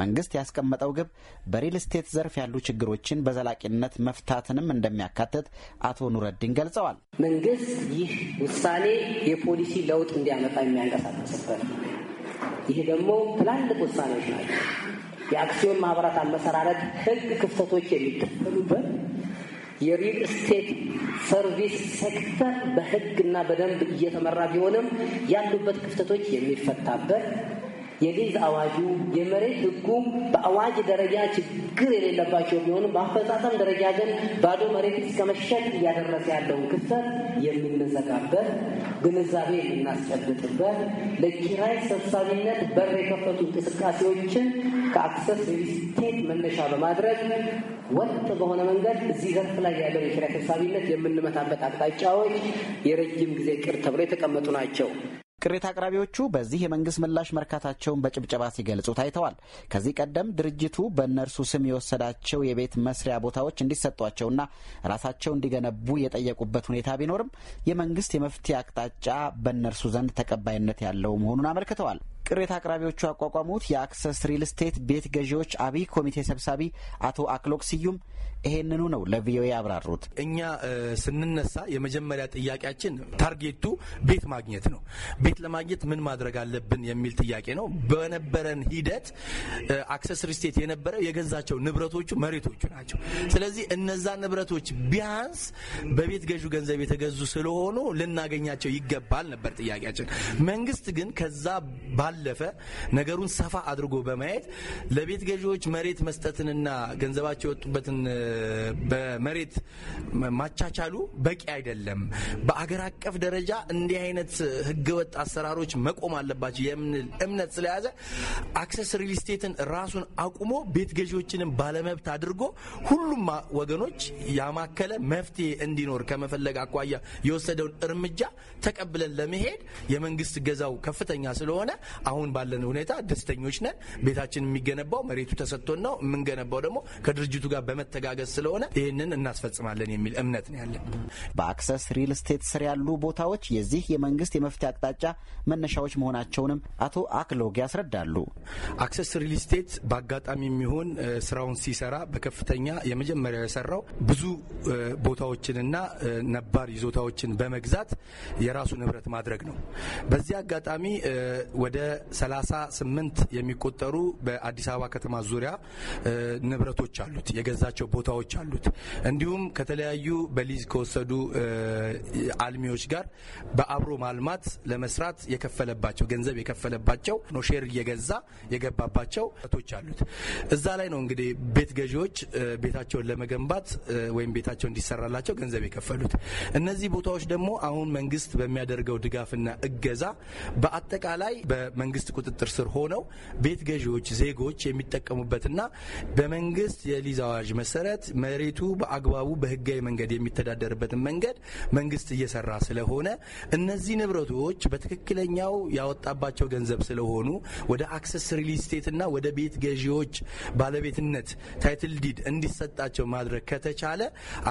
መንግስት ያስቀመጠው ግብ በሪል ስቴት ዘርፍ ያሉ ችግሮችን በዘላቂነት መፍታትንም እንደሚያካትት አቶ ኑረዲን ገልጸዋል። መንግስት ይህ ውሳኔ የፖሊሲ ለውጥ እንዲያመጣ የሚያንቀሳቀስበት ይህ ደግሞ ትላልቅ ውሳኔዎች ናቸው። የአክሲዮን ማህበራት አመሰራረት ህግ ክፍተቶች የሚደፈሉበት የሪል ስቴት ሰርቪስ ሴክተር እና በደንብ እየተመራ ቢሆንም ያሉበት ክፍተቶች የሚፈታበት የሊዝ አዋጁ የመሬት ሕጉም በአዋጅ ደረጃ ችግር የሌለባቸው ቢሆንም በአፈጻጸም ደረጃ ግን ባዶ መሬት እስከ መሸጥ እያደረሰ ያለውን ክፍተት የምንዘጋበት፣ ግንዛቤ የምናስጨብጥበት፣ ለኪራይ ሰብሳቢነት በር የከፈቱ እንቅስቃሴዎችን ከአክሰስ ሪስቴት መነሻ በማድረግ ወጥ በሆነ መንገድ እዚህ ዘርፍ ላይ ያለው የኪራይ ሰብሳቢነት የምንመታበት አቅጣጫዎች የረጅም ጊዜ ቅር ተብሎ የተቀመጡ ናቸው። ቅሬታ አቅራቢዎቹ በዚህ የመንግስት ምላሽ መርካታቸውን በጭብጨባ ሲገልጹ ታይተዋል። ከዚህ ቀደም ድርጅቱ በእነርሱ ስም የወሰዳቸው የቤት መስሪያ ቦታዎች እንዲሰጧቸውና ራሳቸው እንዲገነቡ የጠየቁበት ሁኔታ ቢኖርም የመንግስት የመፍትሄ አቅጣጫ በእነርሱ ዘንድ ተቀባይነት ያለው መሆኑን አመልክተዋል። ቅሬታ አቅራቢዎቹ ያቋቋሙት የአክሰስ ሪል ስቴት ቤት ገዢዎች አብይ ኮሚቴ ሰብሳቢ አቶ አክሎክ ስዩም ይሄንኑ ነው ለቪኦኤ ያብራሩት። እኛ ስንነሳ የመጀመሪያ ጥያቄያችን ታርጌቱ ቤት ማግኘት ነው። ቤት ለማግኘት ምን ማድረግ አለብን የሚል ጥያቄ ነው። በነበረን ሂደት አክሰስ ስቴት የነበረ የገዛቸው ንብረቶቹ መሬቶቹ ናቸው። ስለዚህ እነዛ ንብረቶች ቢያንስ በቤት ገዢ ገንዘብ የተገዙ ስለሆኑ ልናገኛቸው ይገባል ነበር ጥያቄያችን። መንግስት ግን ከዛ ባለፈ ነገሩን ሰፋ አድርጎ በማየት ለቤት ገዢዎች መሬት መስጠትንና ገንዘባቸው የወጡበትን በመሬት ማቻቻሉ በቂ አይደለም። በአገር አቀፍ ደረጃ እንዲህ አይነት ህገወጥ አሰራሮች መቆም አለባቸው የምንል እምነት ስለያዘ አክሰስ ሪል ስቴትን ራሱን አቁሞ ቤት ገዢዎችንም ባለመብት አድርጎ ሁሉም ወገኖች ያማከለ መፍትሄ እንዲኖር ከመፈለግ አኳያ የወሰደውን እርምጃ ተቀብለን ለመሄድ የመንግስት ገዛው ከፍተኛ ስለሆነ አሁን ባለን ሁኔታ ደስተኞች ነን። ቤታችን የሚገነባው መሬቱ ተሰጥቶን ነው። የምንገነባው ደግሞ ከድርጅቱ ጋር በመተጋገ መንገድ ስለሆነ ይህንን እናስፈጽማለን የሚል እምነት ነው ያለን። በአክሰስ ሪል ስቴት ስር ያሉ ቦታዎች የዚህ የመንግስት የመፍትሄ አቅጣጫ መነሻዎች መሆናቸውንም አቶ አክሎግ ያስረዳሉ። አክሰስ ሪል ስቴት በአጋጣሚ የሚሆን ስራውን ሲሰራ በከፍተኛ የመጀመሪያ የሰራው ብዙ ቦታዎችንና ነባር ይዞታዎችን በመግዛት የራሱ ንብረት ማድረግ ነው። በዚህ አጋጣሚ ወደ 38 የሚቆጠሩ በአዲስ አበባ ከተማ ዙሪያ ንብረቶች አሉት የገዛቸው ቦታ ተስፋዎች አሉት። እንዲሁም ከተለያዩ በሊዝ ከወሰዱ አልሚዎች ጋር በአብሮ ማልማት ለመስራት የከፈለባቸው ገንዘብ የከፈለባቸው ኖሼር እየገዛ የገባባቸው ቶች አሉት። እዛ ላይ ነው እንግዲህ ቤት ገዢዎች ቤታቸውን ለመገንባት ወይም ቤታቸው እንዲሰራላቸው ገንዘብ የከፈሉት። እነዚህ ቦታዎች ደግሞ አሁን መንግስት በሚያደርገው ድጋፍና እገዛ በአጠቃላይ በመንግስት ቁጥጥር ስር ሆነው ቤት ገዢዎች ዜጎች የሚጠቀሙበትና በመንግስት የሊዝ አዋጅ መሰረት ማለት መሬቱ በአግባቡ በህጋዊ መንገድ የሚተዳደርበትን መንገድ መንግስት እየሰራ ስለሆነ እነዚህ ንብረቶች በትክክለኛው ያወጣባቸው ገንዘብ ስለሆኑ ወደ አክሰስ ሪል ስቴትና ወደ ቤት ገዢዎች ባለቤትነት ታይትል ዲድ እንዲሰጣቸው ማድረግ ከተቻለ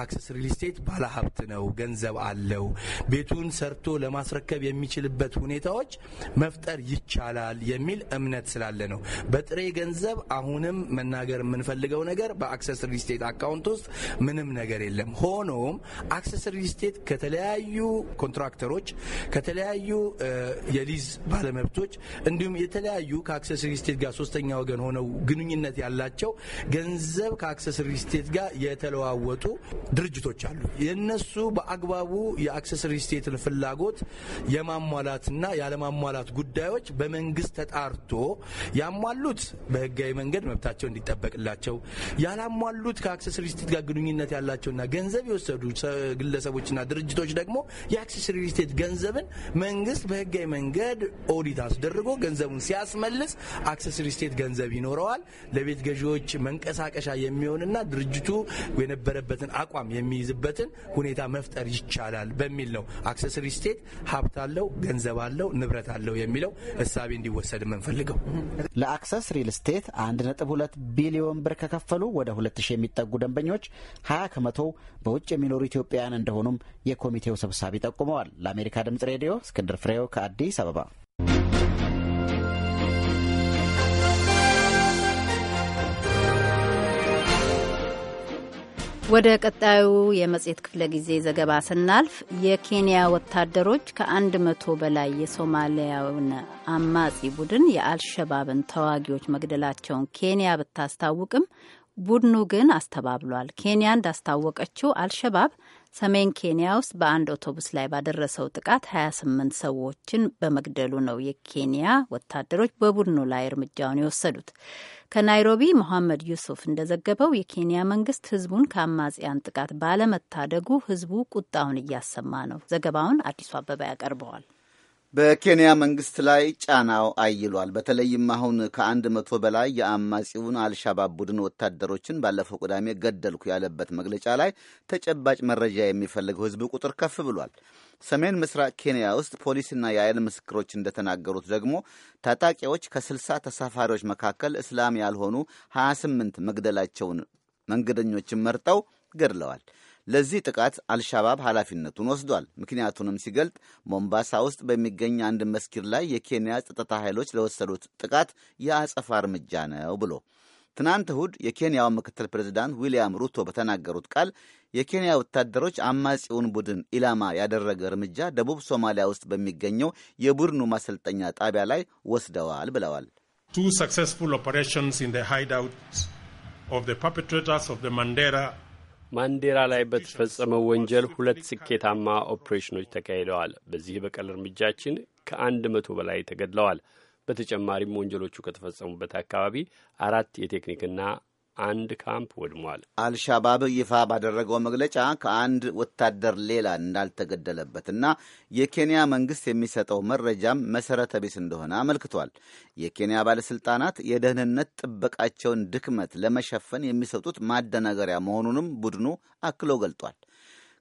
አክሰስ ሪል ስቴት ባለሀብት ነው፣ ገንዘብ አለው፣ ቤቱን ሰርቶ ለማስረከብ የሚችልበት ሁኔታዎች መፍጠር ይቻላል የሚል እምነት ስላለ ነው። በጥሬ ገንዘብ አሁንም መናገር የምንፈልገው ነገር በአክሰስ ሪል ስቴት አካውንት ውስጥ ምንም ነገር የለም። ሆኖም አክሰስ ሪል ስቴት ከተለያዩ ኮንትራክተሮች፣ ከተለያዩ የሊዝ ባለመብቶች እንዲሁም የተለያዩ ከአክሰስ ሪል ስቴት ጋር ሶስተኛ ወገን ሆነው ግንኙነት ያላቸው ገንዘብ ከአክሰስ ሪል ስቴት ጋር የተለዋወጡ ድርጅቶች አሉ። የነሱ በአግባቡ የአክሰስ ሪል ስቴትን ፍላጎት የማሟላትና ያለማሟላት ጉዳዮች በመንግስት ተጣርቶ ያሟሉት በህጋዊ መንገድ መብታቸው እንዲጠበቅላቸው ያላሟሉት ከአክሰስ ሪል ጋር ግንኙነት ያላቸውና ገንዘብ የወሰዱ ግለሰቦችና ድርጅቶች ደግሞ የአክሰስ ሪል ገንዘብን መንግስት በህጋዊ መንገድ ኦዲት አስደርጎ ገንዘቡን ሲያስመልስ አክሰስ ገንዘብ ይኖረዋል። ለቤት ገዢዎች መንቀሳቀሻ የሚሆንና ድርጅቱ የነበረበትን አቋም የሚይዝበትን ሁኔታ መፍጠር ይቻላል በሚል ነው አክሰስ ሪል ሀብት አለው፣ ገንዘብ አለው፣ ንብረት አለው የሚለው እሳቤ እንዲወሰድ የምንፈልገው ለአክሰስ ሪል ስቴት 1.2 ቢሊዮን ብር ከከፈሉ ወደ 2 የሚጠጉ የሚጠጉ ደንበኞች ሀያ ከመቶ በውጭ የሚኖሩ ኢትዮጵያውያን እንደሆኑም የኮሚቴው ሰብሳቢ ጠቁመዋል። ለአሜሪካ ድምጽ ሬዲዮ እስክንድር ፍሬው ከአዲስ አበባ። ወደ ቀጣዩ የመጽሔት ክፍለ ጊዜ ዘገባ ስናልፍ የኬንያ ወታደሮች ከአንድ መቶ በላይ የሶማሊያውን አማጺ ቡድን የአልሸባብን ተዋጊዎች መግደላቸውን ኬንያ ብታስታውቅም ቡድኑ ግን አስተባብሏል። ኬንያ እንዳስታወቀችው አልሸባብ ሰሜን ኬንያ ውስጥ በአንድ አውቶቡስ ላይ ባደረሰው ጥቃት 28 ሰዎችን በመግደሉ ነው የኬንያ ወታደሮች በቡድኑ ላይ እርምጃውን የወሰዱት። ከናይሮቢ መሐመድ ዩሱፍ እንደዘገበው የኬንያ መንግስት ህዝቡን ከአማጽያን ጥቃት ባለመታደጉ ህዝቡ ቁጣውን እያሰማ ነው። ዘገባውን አዲሱ አበባ ያቀርበዋል። በኬንያ መንግስት ላይ ጫናው አይሏል። በተለይም አሁን ከአንድ መቶ በላይ የአማጺውን አልሻባብ ቡድን ወታደሮችን ባለፈው ቅዳሜ ገደልኩ ያለበት መግለጫ ላይ ተጨባጭ መረጃ የሚፈልገው ህዝብ ቁጥር ከፍ ብሏል። ሰሜን ምስራቅ ኬንያ ውስጥ ፖሊስና የአይን ምስክሮች እንደተናገሩት ደግሞ ታጣቂዎች ከ ተሳፋሪዎች መካከል እስላም ያልሆኑ 28 መግደላቸውን መንገደኞችን መርጠው ገድለዋል። ለዚህ ጥቃት አልሻባብ ኃላፊነቱን ወስዷል። ምክንያቱንም ሲገልጥ ሞምባሳ ውስጥ በሚገኝ አንድ መስጊድ ላይ የኬንያ ጸጥታ ኃይሎች ለወሰዱት ጥቃት የአጸፋ እርምጃ ነው ብሎ ትናንት እሁድ የኬንያው ምክትል ፕሬዚዳንት ዊልያም ሩቶ በተናገሩት ቃል የኬንያ ወታደሮች አማጺውን ቡድን ኢላማ ያደረገ እርምጃ ደቡብ ሶማሊያ ውስጥ በሚገኘው የቡድኑ ማሰልጠኛ ጣቢያ ላይ ወስደዋል ብለዋል። ሁለት ሰክሰስፉል ኦፐሬሽንስ ኢን ዘ ሃይድ አውት ኦፍ ዘ ፐርፔትሬተርስ ኦፍ ዘ ማንዴራ ማንዴራ ላይ በተፈጸመው ወንጀል ሁለት ስኬታማ ኦፕሬሽኖች ተካሂደዋል። በዚህ በቀል እርምጃችን ከአንድ መቶ በላይ ተገድለዋል። በተጨማሪም ወንጀሎቹ ከተፈጸሙበት አካባቢ አራት የቴክኒክና አንድ ካምፕ ወድሟል። አልሻባብ ይፋ ባደረገው መግለጫ ከአንድ ወታደር ሌላ እንዳልተገደለበትና የኬንያ መንግስት የሚሰጠው መረጃም መሰረተ ቢስ እንደሆነ አመልክቷል። የኬንያ ባለስልጣናት የደህንነት ጥበቃቸውን ድክመት ለመሸፈን የሚሰጡት ማደናገሪያ መሆኑንም ቡድኑ አክሎ ገልጧል።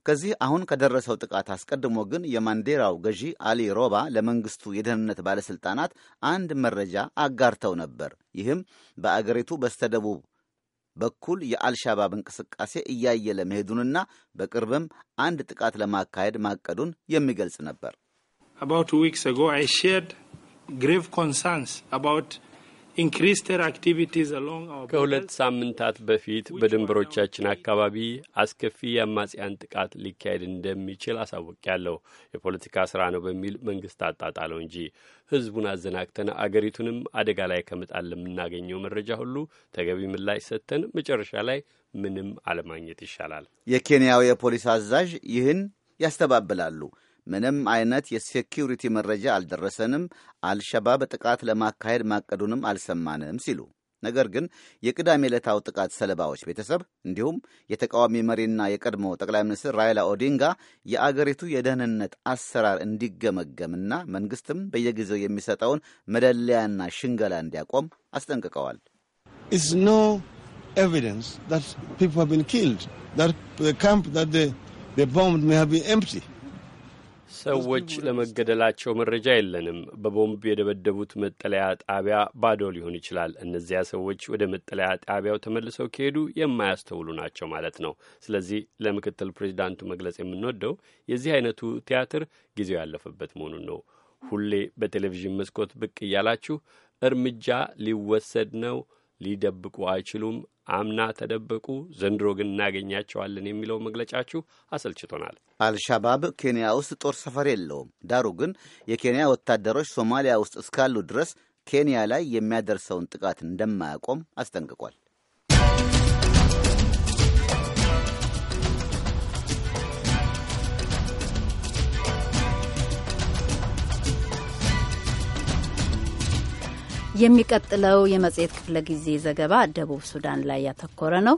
ከዚህ አሁን ከደረሰው ጥቃት አስቀድሞ ግን የማንዴራው ገዢ አሊ ሮባ ለመንግስቱ የደህንነት ባለሥልጣናት አንድ መረጃ አጋርተው ነበር። ይህም በአገሪቱ በስተደቡብ በኩል የአልሻባብ እንቅስቃሴ እያየለ መሄዱንና በቅርብም አንድ ጥቃት ለማካሄድ ማቀዱን የሚገልጽ ነበር። ከሁለት ሳምንታት በፊት በድንበሮቻችን አካባቢ አስከፊ የአማጽያን ጥቃት ሊካሄድ እንደሚችል ያለው የፖለቲካ ስራ ነው በሚል መንግስት አጣጣለው እንጂ ህዝቡን አዘናግተን አገሪቱንም አደጋ ላይ ከመጣል ለምናገኘው መረጃ ሁሉ ተገቢ ምላሽ ሰጥተን መጨረሻ ላይ ምንም አለማግኘት ይሻላል። የኬንያው የፖሊስ አዛዥ ይህን ያስተባብላሉ። ምንም አይነት የሴኪሪቲ መረጃ አልደረሰንም፣ አልሸባብ ጥቃት ለማካሄድ ማቀዱንም አልሰማንም ሲሉ ነገር ግን የቅዳሜ ዕለታው ጥቃት ሰለባዎች ቤተሰብ እንዲሁም የተቃዋሚ መሪና የቀድሞ ጠቅላይ ሚኒስትር ራይላ ኦዲንጋ የአገሪቱ የደህንነት አሰራር እንዲገመገምና መንግስትም በየጊዜው የሚሰጠውን መደለያና ሽንገላ እንዲያቆም አስጠንቅቀዋል። ሰዎች ለመገደላቸው መረጃ የለንም። በቦምብ የደበደቡት መጠለያ ጣቢያ ባዶ ሊሆን ይችላል። እነዚያ ሰዎች ወደ መጠለያ ጣቢያው ተመልሰው ከሄዱ የማያስተውሉ ናቸው ማለት ነው። ስለዚህ ለምክትል ፕሬዚዳንቱ መግለጽ የምንወደው የዚህ አይነቱ ቲያትር ጊዜው ያለፈበት መሆኑን ነው። ሁሌ በቴሌቪዥን መስኮት ብቅ እያላችሁ እርምጃ ሊወሰድ ነው፣ ሊደብቁ አይችሉም፣ አምና ተደበቁ፣ ዘንድሮ ግን እናገኛቸዋለን የሚለው መግለጫችሁ አሰልችቶናል። አልሻባብ ኬንያ ውስጥ ጦር ሰፈር የለውም። ዳሩ ግን የኬንያ ወታደሮች ሶማሊያ ውስጥ እስካሉ ድረስ ኬንያ ላይ የሚያደርሰውን ጥቃት እንደማያቆም አስጠንቅቋል። የሚቀጥለው የመጽሔት ክፍለ ጊዜ ዘገባ ደቡብ ሱዳን ላይ ያተኮረ ነው።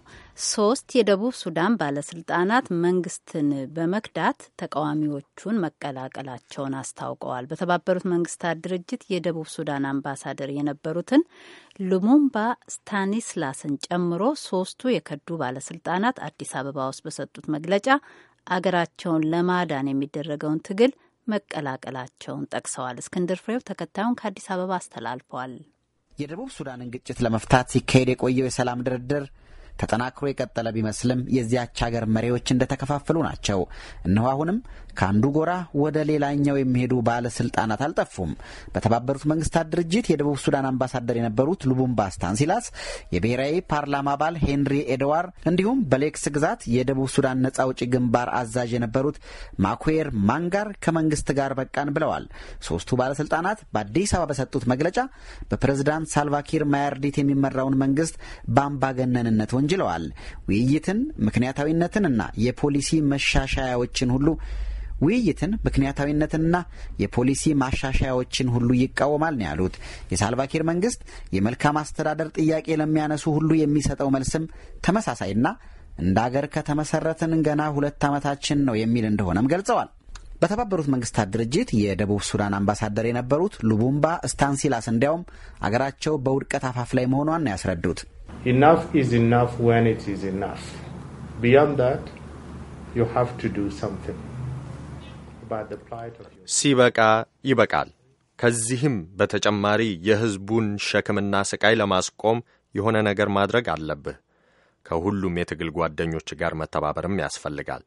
ሶስት የደቡብ ሱዳን ባለስልጣናት መንግስትን በመክዳት ተቃዋሚዎቹን መቀላቀላቸውን አስታውቀዋል። በተባበሩት መንግስታት ድርጅት የደቡብ ሱዳን አምባሳደር የነበሩትን ሉሙምባ ስታኒስላስን ጨምሮ ሶስቱ የከዱ ባለስልጣናት አዲስ አበባ ውስጥ በሰጡት መግለጫ አገራቸውን ለማዳን የሚደረገውን ትግል መቀላቀላቸውን ጠቅሰዋል። እስክንድር ፍሬው ተከታዩን ከአዲስ አበባ አስተላልፈዋል። የደቡብ ሱዳንን ግጭት ለመፍታት ሲካሄድ የቆየው የሰላም ድርድር ተጠናክሮ የቀጠለ ቢመስልም የዚያች ሀገር መሪዎች እንደተከፋፈሉ ናቸው። እነሆ አሁንም ከአንዱ ጎራ ወደ ሌላኛው የሚሄዱ ባለስልጣናት አልጠፉም። በተባበሩት መንግስታት ድርጅት የደቡብ ሱዳን አምባሳደር የነበሩት ሉቡምባ ስታንሲላስ፣ የብሔራዊ ፓርላማ አባል ሄንሪ ኤድዋር እንዲሁም በሌክስ ግዛት የደቡብ ሱዳን ነጻ አውጪ ግንባር አዛዥ የነበሩት ማኩዌር ማንጋር ከመንግስት ጋር በቃን ብለዋል። ሶስቱ ባለስልጣናት በአዲስ አበባ በሰጡት መግለጫ በፕሬዝዳንት ሳልቫኪር ማያርዲት የሚመራውን መንግስት በአምባገነንነት ወንጅለዋል። ውይይትን፣ ምክንያታዊነትንና የፖሊሲ መሻሻያዎችን ሁሉ ውይይትን ምክንያታዊነትንና የፖሊሲ ማሻሻያዎችን ሁሉ ይቃወማል ነው ያሉት። የሳልቫኪር መንግስት የመልካም አስተዳደር ጥያቄ ለሚያነሱ ሁሉ የሚሰጠው መልስም ተመሳሳይና እንደ አገር ከተመሰረትን ገና ሁለት ዓመታችን ነው የሚል እንደሆነም ገልጸዋል። በተባበሩት መንግስታት ድርጅት የደቡብ ሱዳን አምባሳደር የነበሩት ሉቡምባ ስታንሲላስ እንዲያውም አገራቸው በውድቀት አፋፍ ላይ መሆኗን ነው ያስረዱት። enough is enough when it is enough. Beyond that, you have to do something about the plight of your... ሲበቃ ይበቃል። ከዚህም በተጨማሪ የሕዝቡን ሸክምና ስቃይ ለማስቆም የሆነ ነገር ማድረግ አለብህ። ከሁሉም የትግል ጓደኞች ጋር መተባበርም ያስፈልጋል።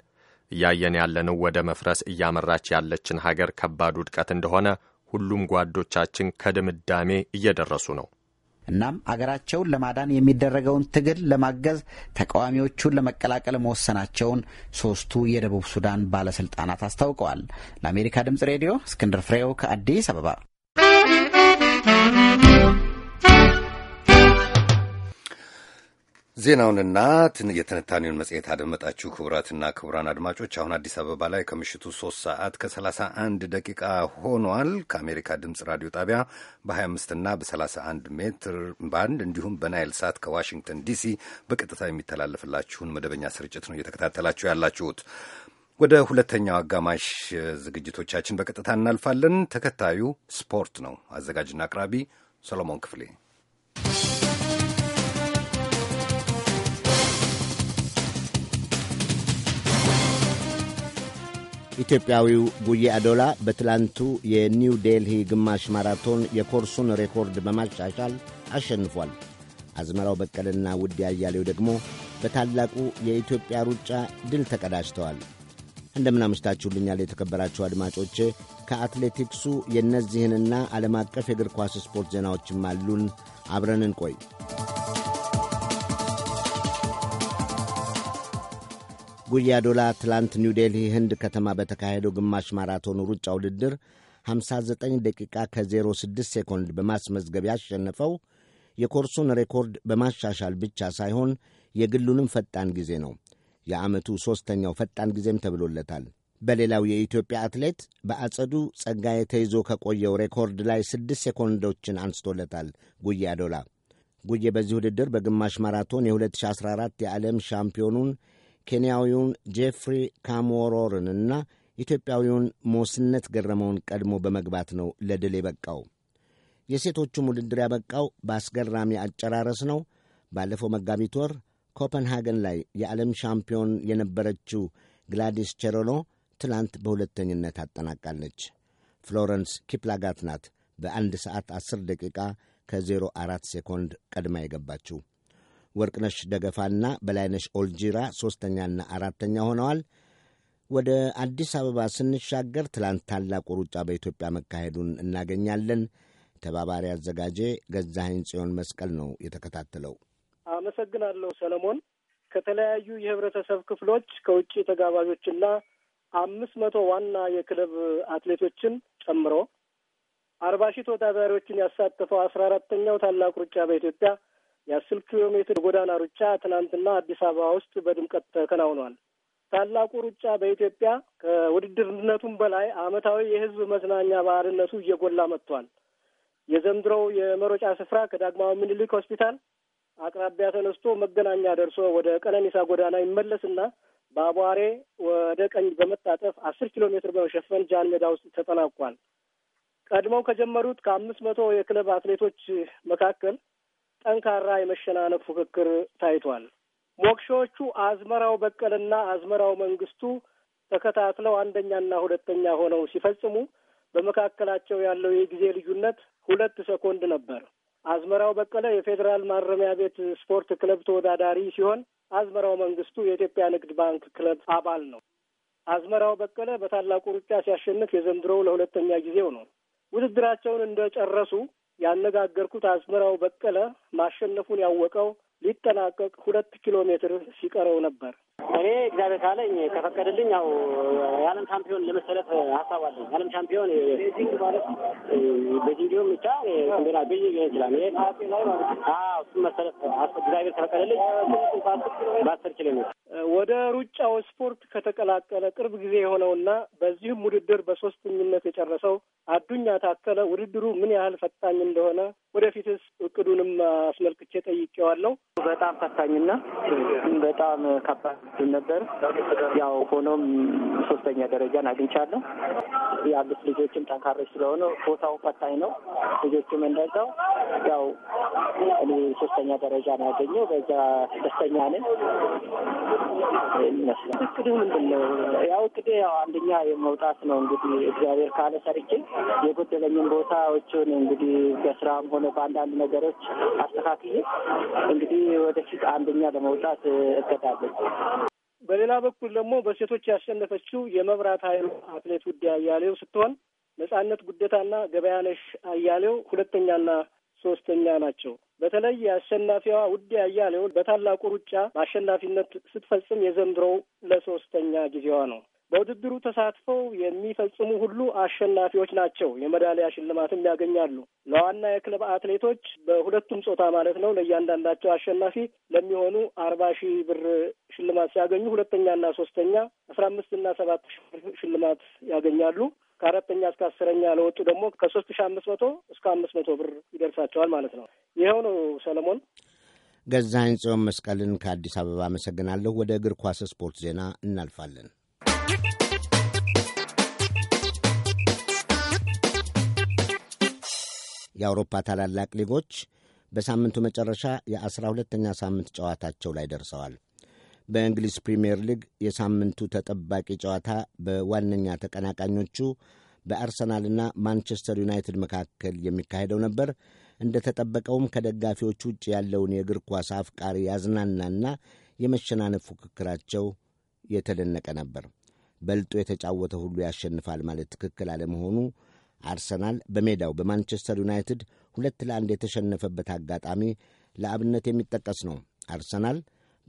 እያየን ያለነው ወደ መፍረስ እያመራች ያለችን ሀገር ከባድ ውድቀት እንደሆነ ሁሉም ጓዶቻችን ከድምዳሜ እየደረሱ ነው። እናም አገራቸውን ለማዳን የሚደረገውን ትግል ለማገዝ ተቃዋሚዎቹን ለመቀላቀል መወሰናቸውን ሶስቱ የደቡብ ሱዳን ባለስልጣናት አስታውቀዋል። ለአሜሪካ ድምጽ ሬዲዮ እስክንድር ፍሬው ከአዲስ አበባ ዜናውንና የትንታኔውን መጽሔት አደመጣችሁ። ክቡራትና ክቡራን አድማጮች አሁን አዲስ አበባ ላይ ከምሽቱ ሶስት ሰዓት ከሰላሳ አንድ ደቂቃ ሆኗል። ከአሜሪካ ድምፅ ራዲዮ ጣቢያ በ25ና በ31 ሜትር ባንድ እንዲሁም በናይል ሳት ከዋሽንግተን ዲሲ በቀጥታ የሚተላለፍላችሁን መደበኛ ስርጭት ነው እየተከታተላችሁ ያላችሁት። ወደ ሁለተኛው አጋማሽ ዝግጅቶቻችን በቀጥታ እናልፋለን። ተከታዩ ስፖርት ነው። አዘጋጅና አቅራቢ ሰሎሞን ክፍሌ ኢትዮጵያዊው ጉዬ አዶላ በትላንቱ የኒው ዴልሂ ግማሽ ማራቶን የኮርሱን ሬኮርድ በማሻሻል አሸንፏል። አዝመራው በቀለና ውድ አያሌው ደግሞ በታላቁ የኢትዮጵያ ሩጫ ድል ተቀዳጅተዋል። እንደምን የተከበራችሁ አድማጮቼ። ከአትሌቲክሱ የእነዚህንና ዓለም አቀፍ የእግር ኳስ ስፖርት ዜናዎችም አሉን። አብረን እንቆይ። ጉያዶላ ትላንት ኒውዴልሂ ህንድ ከተማ በተካሄደው ግማሽ ማራቶን ሩጫ ውድድር 59 ደቂቃ ከ06 ሴኮንድ በማስመዝገብ ያሸነፈው የኮርሱን ሬኮርድ በማሻሻል ብቻ ሳይሆን የግሉንም ፈጣን ጊዜ ነው። የዓመቱ ሦስተኛው ፈጣን ጊዜም ተብሎለታል። በሌላው የኢትዮጵያ አትሌት በአጸዱ ጸጋዬ ተይዞ ከቆየው ሬኮርድ ላይ ስድስት ሴኮንዶችን አንስቶለታል ጉዬ አዶላ። ጉዬ በዚህ ውድድር በግማሽ ማራቶን የ2014 የዓለም ሻምፒዮኑን ኬንያዊውን ጄፍሪ ካሞሮርንና ኢትዮጵያዊውን ሞስነት ገረመውን ቀድሞ በመግባት ነው ለድል የበቃው። የሴቶቹም ውድድር ያበቃው በአስገራሚ አጨራረስ ነው። ባለፈው መጋቢት ወር ኮፐንሃገን ላይ የዓለም ሻምፒዮን የነበረችው ግላዲስ ቸሮኖ ትላንት በሁለተኝነት አጠናቃለች። ፍሎረንስ ኪፕላጋት ናት በአንድ ሰዓት 10 ደቂቃ ከ04 ሴኮንድ ቀድማ የገባችው። ወርቅነሽ ደገፋና በላይነሽ ኦልጂራ ሦስተኛና አራተኛ ሆነዋል። ወደ አዲስ አበባ ስንሻገር ትላንት ታላቁ ሩጫ በኢትዮጵያ መካሄዱን እናገኛለን። ተባባሪ አዘጋጄ ገዛኸኝ ጽዮን መስቀል ነው የተከታተለው። አመሰግናለሁ ሰለሞን። ከተለያዩ የህብረተሰብ ክፍሎች ከውጭ ተጋባዦችና አምስት መቶ ዋና የክለብ አትሌቶችን ጨምሮ አርባ ሺህ ተወዳዳሪዎችን ያሳተፈው አስራ አራተኛው ታላቅ ሩጫ በኢትዮጵያ የአስር ኪሎ ሜትር ጎዳና ሩጫ ትናንትና አዲስ አበባ ውስጥ በድምቀት ተከናውኗል። ታላቁ ሩጫ በኢትዮጵያ ከውድድርነቱም በላይ ዓመታዊ የሕዝብ መዝናኛ ባህልነቱ እየጎላ መጥቷል። የዘንድሮው የመሮጫ ስፍራ ከዳግማዊ ምኒልክ ሆስፒታል አቅራቢያ ተነስቶ መገናኛ ደርሶ ወደ ቀነኒሳ ጎዳና ይመለስና በአቧሬ ወደ ቀኝ በመታጠፍ አስር ኪሎ ሜትር በመሸፈን ጃን ሜዳ ውስጥ ተጠናቋል። ቀድመው ከጀመሩት ከአምስት መቶ የክለብ አትሌቶች መካከል ጠንካራ የመሸናነፍ ፉክክር ታይቷል። ሞክሾዎቹ አዝመራው በቀልና አዝመራው መንግስቱ ተከታትለው አንደኛና ሁለተኛ ሆነው ሲፈጽሙ በመካከላቸው ያለው የጊዜ ልዩነት ሁለት ሰኮንድ ነበር። አዝመራው በቀለ የፌዴራል ማረሚያ ቤት ስፖርት ክለብ ተወዳዳሪ ሲሆን አዝመራው መንግስቱ የኢትዮጵያ ንግድ ባንክ ክለብ አባል ነው። አዝመራው በቀለ በታላቁ ሩጫ ሲያሸንፍ የዘንድሮው ለሁለተኛ ጊዜው ነው። ውድድራቸውን እንደጨረሱ ያነጋገርኩት አዝመራው በቀለ ማሸነፉን ያወቀው ሊጠናቀቅ ሁለት ኪሎ ሜትር ሲቀረው ነበር እኔ እግዚአብሔር ካለኝ ከፈቀደልኝ ያው የዓለም ሻምፒዮን ለመሰለፍ ሀሳብ አለኝ። የዓለም ሻምፒዮን በጂንዲዮም ብቻ ንቤና ቤ ይችላል እሱም መሰለፍ እግዚአብሔር ከፈቀደልኝ በአስር ኪሎ ሜትር ወደ ሩጫው ስፖርት ከተቀላቀለ ቅርብ ጊዜ የሆነውና በዚህም ውድድር በሶስተኝነት የጨረሰው አዱኛ ታከለ ውድድሩ ምን ያህል ፈታኝ እንደሆነ ወደፊትስ እቅዱንም አስመልክቼ ጠይቄዋለሁ። በጣም ፈታኝና በጣም ከባድ ነበር። ያው ሆኖም ሶስተኛ ደረጃን አግኝቻለሁ። ያሉት ልጆችም ጠንካሮች ስለሆኑ ቦታው ፈታኝ ነው። ልጆቹም እንደዛው ያው እኔ ሶስተኛ ደረጃ ነው ያገኘው። በዛ ደስተኛ ነን ይመስላል። እቅዱ ምንድን ነው? ያው እቅዴ ያው አንደኛ የመውጣት ነው እንግዲህ እግዚአብሔር ካለ ሰርቼ የጎደለኝን ቦታዎችን እንግዲህ በስራም ሆነ በአንዳንድ ነገሮች አስተካክዬ እንግዲህ ወደፊት አንደኛ ለመውጣት እገዳለን። በሌላ በኩል ደግሞ በሴቶች ያሸነፈችው የመብራት ኃይሉ አትሌት ውዴ አያሌው ስትሆን ነጻነት ጉደታና ገበያነሽ አያሌው ሁለተኛና ሶስተኛ ናቸው። በተለይ የአሸናፊዋ ውዴ አያሌው በታላቁ ሩጫ በአሸናፊነት ስትፈጽም የዘንድሮው ለሶስተኛ ጊዜዋ ነው። በውድድሩ ተሳትፈው የሚፈጽሙ ሁሉ አሸናፊዎች ናቸው። የመዳሊያ ሽልማትም ያገኛሉ። ለዋና የክለብ አትሌቶች በሁለቱም ጾታ ማለት ነው ለእያንዳንዳቸው አሸናፊ ለሚሆኑ አርባ ሺህ ብር ሽልማት ሲያገኙ ሁለተኛና ሶስተኛ አስራ አምስትና ሰባት ሺህ ብር ሽልማት ያገኛሉ። ከአራተኛ እስከ አስረኛ ለወጡ ደግሞ ከሶስት ሺህ አምስት መቶ እስከ አምስት መቶ ብር ይደርሳቸዋል ማለት ነው። ይኸው ነው ሰለሞን። ገዛኸኝ ጽዮን መስቀልን ከአዲስ አበባ አመሰግናለሁ። ወደ እግር ኳስ ስፖርት ዜና እናልፋለን። የአውሮፓ ታላላቅ ሊጎች በሳምንቱ መጨረሻ የአስራ ሁለተኛ ሳምንት ጨዋታቸው ላይ ደርሰዋል። በእንግሊዝ ፕሪምየር ሊግ የሳምንቱ ተጠባቂ ጨዋታ በዋነኛ ተቀናቃኞቹ በአርሰናልና ማንቸስተር ዩናይትድ መካከል የሚካሄደው ነበር። እንደ ተጠበቀውም ከደጋፊዎች ውጭ ያለውን የእግር ኳስ አፍቃሪ ያዝናናና የመሸናነፍ ፉክክራቸው የተደነቀ ነበር። በልጦ የተጫወተ ሁሉ ያሸንፋል ማለት ትክክል አለመሆኑ አርሰናል በሜዳው በማንቸስተር ዩናይትድ ሁለት ለአንድ የተሸነፈበት አጋጣሚ ለአብነት የሚጠቀስ ነው። አርሰናል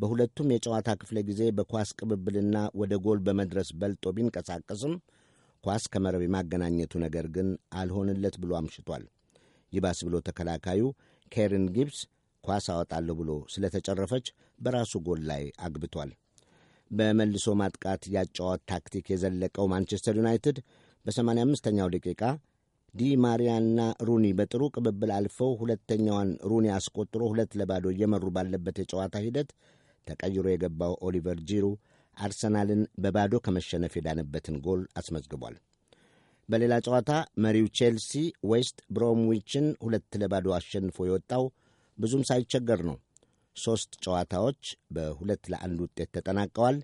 በሁለቱም የጨዋታ ክፍለ ጊዜ በኳስ ቅብብልና ወደ ጎል በመድረስ በልጦ ቢንቀሳቀስም ኳስ ከመረብ የማገናኘቱ ነገር ግን አልሆንለት ብሎ አምሽቷል። ይባስ ብሎ ተከላካዩ ኬሪን ጊብስ ኳስ አወጣለሁ ብሎ ስለተጨረፈች በራሱ ጎል ላይ አግብቷል። በመልሶ ማጥቃት ያጫዋት ታክቲክ የዘለቀው ማንቸስተር ዩናይትድ በ85ኛው ደቂቃ ዲ ማሪያና ሩኒ በጥሩ ቅብብል አልፈው ሁለተኛዋን ሩኒ አስቆጥሮ ሁለት ለባዶ እየመሩ ባለበት የጨዋታ ሂደት ተቀይሮ የገባው ኦሊቨር ጂሩ አርሰናልን በባዶ ከመሸነፍ የዳነበትን ጎል አስመዝግቧል። በሌላ ጨዋታ መሪው ቼልሲ ዌስት ብሮምዊችን ሁለት ለባዶ አሸንፎ የወጣው ብዙም ሳይቸገር ነው። ሦስት ጨዋታዎች በሁለት ለአንድ ውጤት ተጠናቀዋል።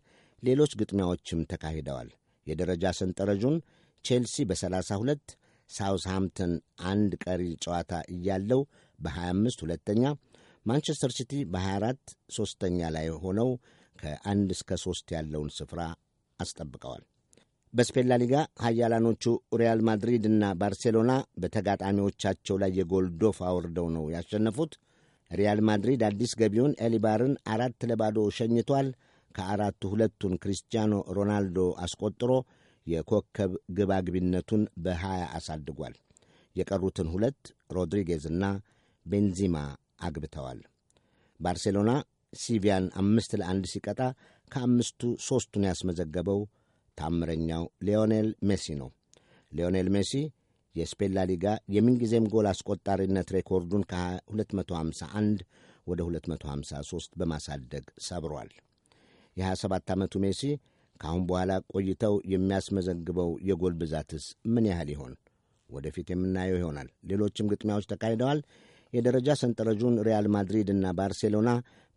ሌሎች ግጥሚያዎችም ተካሂደዋል። የደረጃ ሰንጠረዡን ቼልሲ በ32 ሳውስሃምፕተን አንድ ቀሪ ጨዋታ እያለው በ25 ሁለተኛ፣ ማንቸስተር ሲቲ በ24 ሦስተኛ ላይ ሆነው ከአንድ እስከ ሦስት ያለውን ስፍራ አስጠብቀዋል። በስፔን ላሊጋ ኃያላኖቹ ሪያል ማድሪድ እና ባርሴሎና በተጋጣሚዎቻቸው ላይ የጎል ዶፍ አውርደው ነው ያሸነፉት። ሪያል ማድሪድ አዲስ ገቢውን ኤሊባርን አራት ለባዶ ሸኝቷል። ከአራቱ ሁለቱን ክሪስቲያኖ ሮናልዶ አስቆጥሮ የኮከብ ግባግቢነቱን በ አሳድጓል። የቀሩትን ሁለት ሮድሪጌዝና ቤንዚማ አግብተዋል። ባርሴሎና ሲቪያን አምስት ለአንድ ሲቀጣ ከአምስቱ ሦስቱን ያስመዘገበው ታምረኛው ሊዮኔል ሜሲ ነው። ሊዮኔል ሜሲ የስፔን ላሊጋ የምንጊዜም ጎል አስቆጣሪነት ሬኮርዱን ከ251 ወደ 253 በማሳደግ ሰብሯል። የ27 ዓመቱ ሜሲ ከአሁን በኋላ ቆይተው የሚያስመዘግበው የጎል ብዛትስ ምን ያህል ይሆን? ወደፊት የምናየው ይሆናል። ሌሎችም ግጥሚያዎች ተካሂደዋል። የደረጃ ሰንጠረዡን ሪያል ማድሪድ እና ባርሴሎና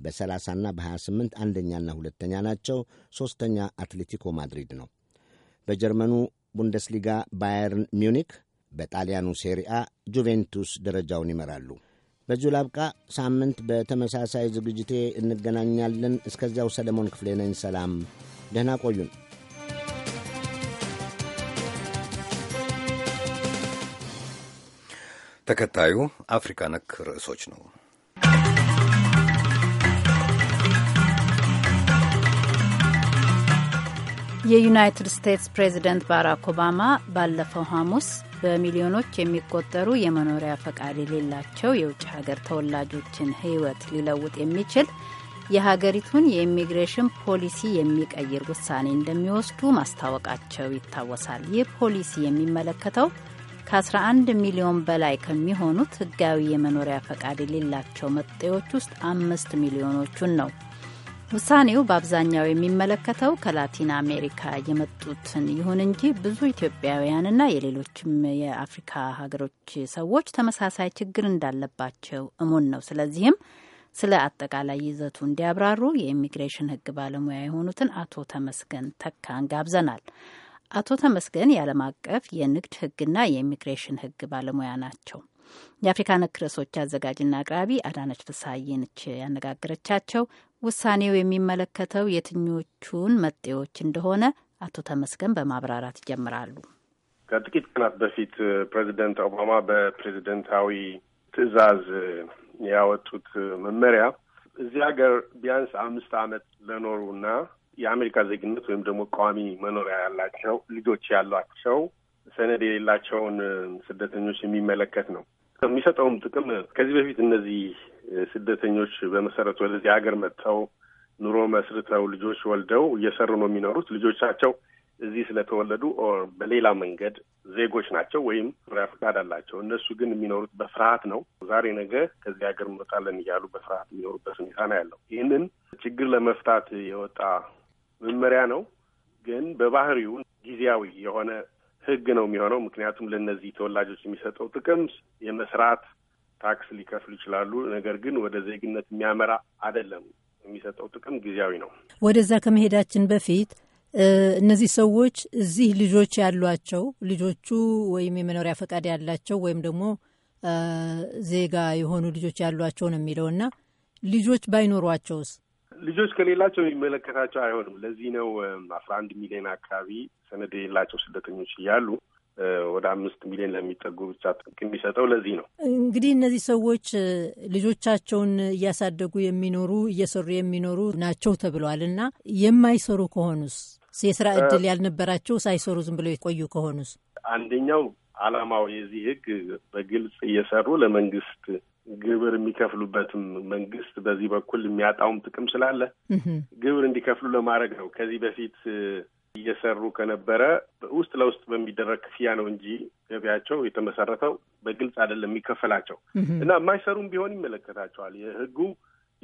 በ30ና በ28 አንደኛና ሁለተኛ ናቸው። ሦስተኛ አትሌቲኮ ማድሪድ ነው። በጀርመኑ ቡንደስሊጋ ባየርን ሚውኒክ በጣሊያኑ ሴሪአ ጁቬንቱስ ደረጃውን ይመራሉ። በዚሁ ላብቃ። ሳምንት በተመሳሳይ ዝግጅቴ እንገናኛለን። እስከዚያው ሰለሞን ክፍሌ ነኝ። ሰላም ደህና ቆዩን። ተከታዩ አፍሪካ ነክ ርዕሶች ነው። የዩናይትድ ስቴትስ ፕሬዚደንት ባራክ ኦባማ ባለፈው ሐሙስ በሚሊዮኖች የሚቆጠሩ የመኖሪያ ፈቃድ የሌላቸው የውጭ ሀገር ተወላጆችን ሕይወት ሊለውጥ የሚችል የሀገሪቱን የኢሚግሬሽን ፖሊሲ የሚቀይር ውሳኔ እንደሚወስዱ ማስታወቃቸው ይታወሳል። ይህ ፖሊሲ የሚመለከተው ከ11 ሚሊዮን በላይ ከሚሆኑት ህጋዊ የመኖሪያ ፈቃድ የሌላቸው መጤዎች ውስጥ አምስት ሚሊዮኖቹን ነው። ውሳኔው በአብዛኛው የሚመለከተው ከላቲን አሜሪካ የመጡትን ይሁን እንጂ ብዙ ኢትዮጵያውያንና የሌሎችም የአፍሪካ ሀገሮች ሰዎች ተመሳሳይ ችግር እንዳለባቸው እሙን ነው። ስለዚህም ስለ አጠቃላይ ይዘቱ እንዲያብራሩ የኢሚግሬሽን ሕግ ባለሙያ የሆኑትን አቶ ተመስገን ተካን ጋብዘናል። አቶ ተመስገን የዓለም አቀፍ የንግድ ሕግና የኢሚግሬሽን ሕግ ባለሙያ ናቸው። የአፍሪካ ነክ ርዕሶች አዘጋጅና አቅራቢ አዳነች ፍስሀዬ ነች ያነጋገረቻቸው። ውሳኔው የሚመለከተው የትኞቹን መጤዎች እንደሆነ አቶ ተመስገን በማብራራት ይጀምራሉ። ከጥቂት ቀናት በፊት ፕሬዚደንት ኦባማ በፕሬዚደንታዊ ትዕዛዝ ያወጡት መመሪያ እዚህ ሀገር ቢያንስ አምስት ዓመት ለኖሩ እና የአሜሪካ ዜግነት ወይም ደግሞ ቋሚ መኖሪያ ያላቸው ልጆች ያሏቸው ሰነድ የሌላቸውን ስደተኞች የሚመለከት ነው። የሚሰጠውም ጥቅም ከዚህ በፊት እነዚህ ስደተኞች በመሰረት ወደዚህ ሀገር መጥተው ኑሮ መስርተው ልጆች ወልደው እየሰሩ ነው የሚኖሩት። ልጆቻቸው እዚህ ስለተወለዱ ኦር በሌላ መንገድ ዜጎች ናቸው ወይም ፍሬ ፍቃድ አላቸው። እነሱ ግን የሚኖሩት በፍርሃት ነው። ዛሬ ነገ ከዚህ ሀገር እንወጣለን እያሉ በፍርሃት የሚኖሩበት ሁኔታ ነው ያለው። ይህንን ችግር ለመፍታት የወጣ መመሪያ ነው፣ ግን በባህሪው ጊዜያዊ የሆነ ህግ ነው የሚሆነው። ምክንያቱም ለእነዚህ ተወላጆች የሚሰጠው ጥቅም የመስራት ታክስ ሊከፍሉ ይችላሉ። ነገር ግን ወደ ዜግነት የሚያመራ አይደለም። የሚሰጠው ጥቅም ጊዜያዊ ነው። ወደዛ ከመሄዳችን በፊት እነዚህ ሰዎች እዚህ ልጆች ያሏቸው ልጆቹ ወይም የመኖሪያ ፈቃድ ያላቸው ወይም ደግሞ ዜጋ የሆኑ ልጆች ያሏቸው ነው የሚለው እና ልጆች ባይኖሯቸውስ? ልጆች ከሌላቸው የሚመለከታቸው አይሆንም። ለዚህ ነው አስራ አንድ ሚሊዮን አካባቢ ሰነድ የሌላቸው ስደተኞች እያሉ ወደ አምስት ሚሊዮን ለሚጠጉ ብቻ ጥቅ የሚሰጠው ለዚህ ነው። እንግዲህ እነዚህ ሰዎች ልጆቻቸውን እያሳደጉ የሚኖሩ እየሰሩ የሚኖሩ ናቸው ተብለዋል እና የማይሰሩ ከሆኑስ የስራ እድል ያልነበራቸው ሳይሰሩ ዝም ብለው የቆዩ ከሆኑስ? አንደኛው አላማው የዚህ ህግ በግልጽ እየሰሩ ለመንግስት ግብር የሚከፍሉበትም መንግስት በዚህ በኩል የሚያጣውም ጥቅም ስላለ ግብር እንዲከፍሉ ለማድረግ ነው። ከዚህ በፊት እየሰሩ ከነበረ ውስጥ ለውስጥ በሚደረግ ክፍያ ነው እንጂ ገቢያቸው የተመሰረተው በግልጽ አይደለም የሚከፈላቸው እና የማይሰሩም ቢሆን ይመለከታቸዋል። የህጉ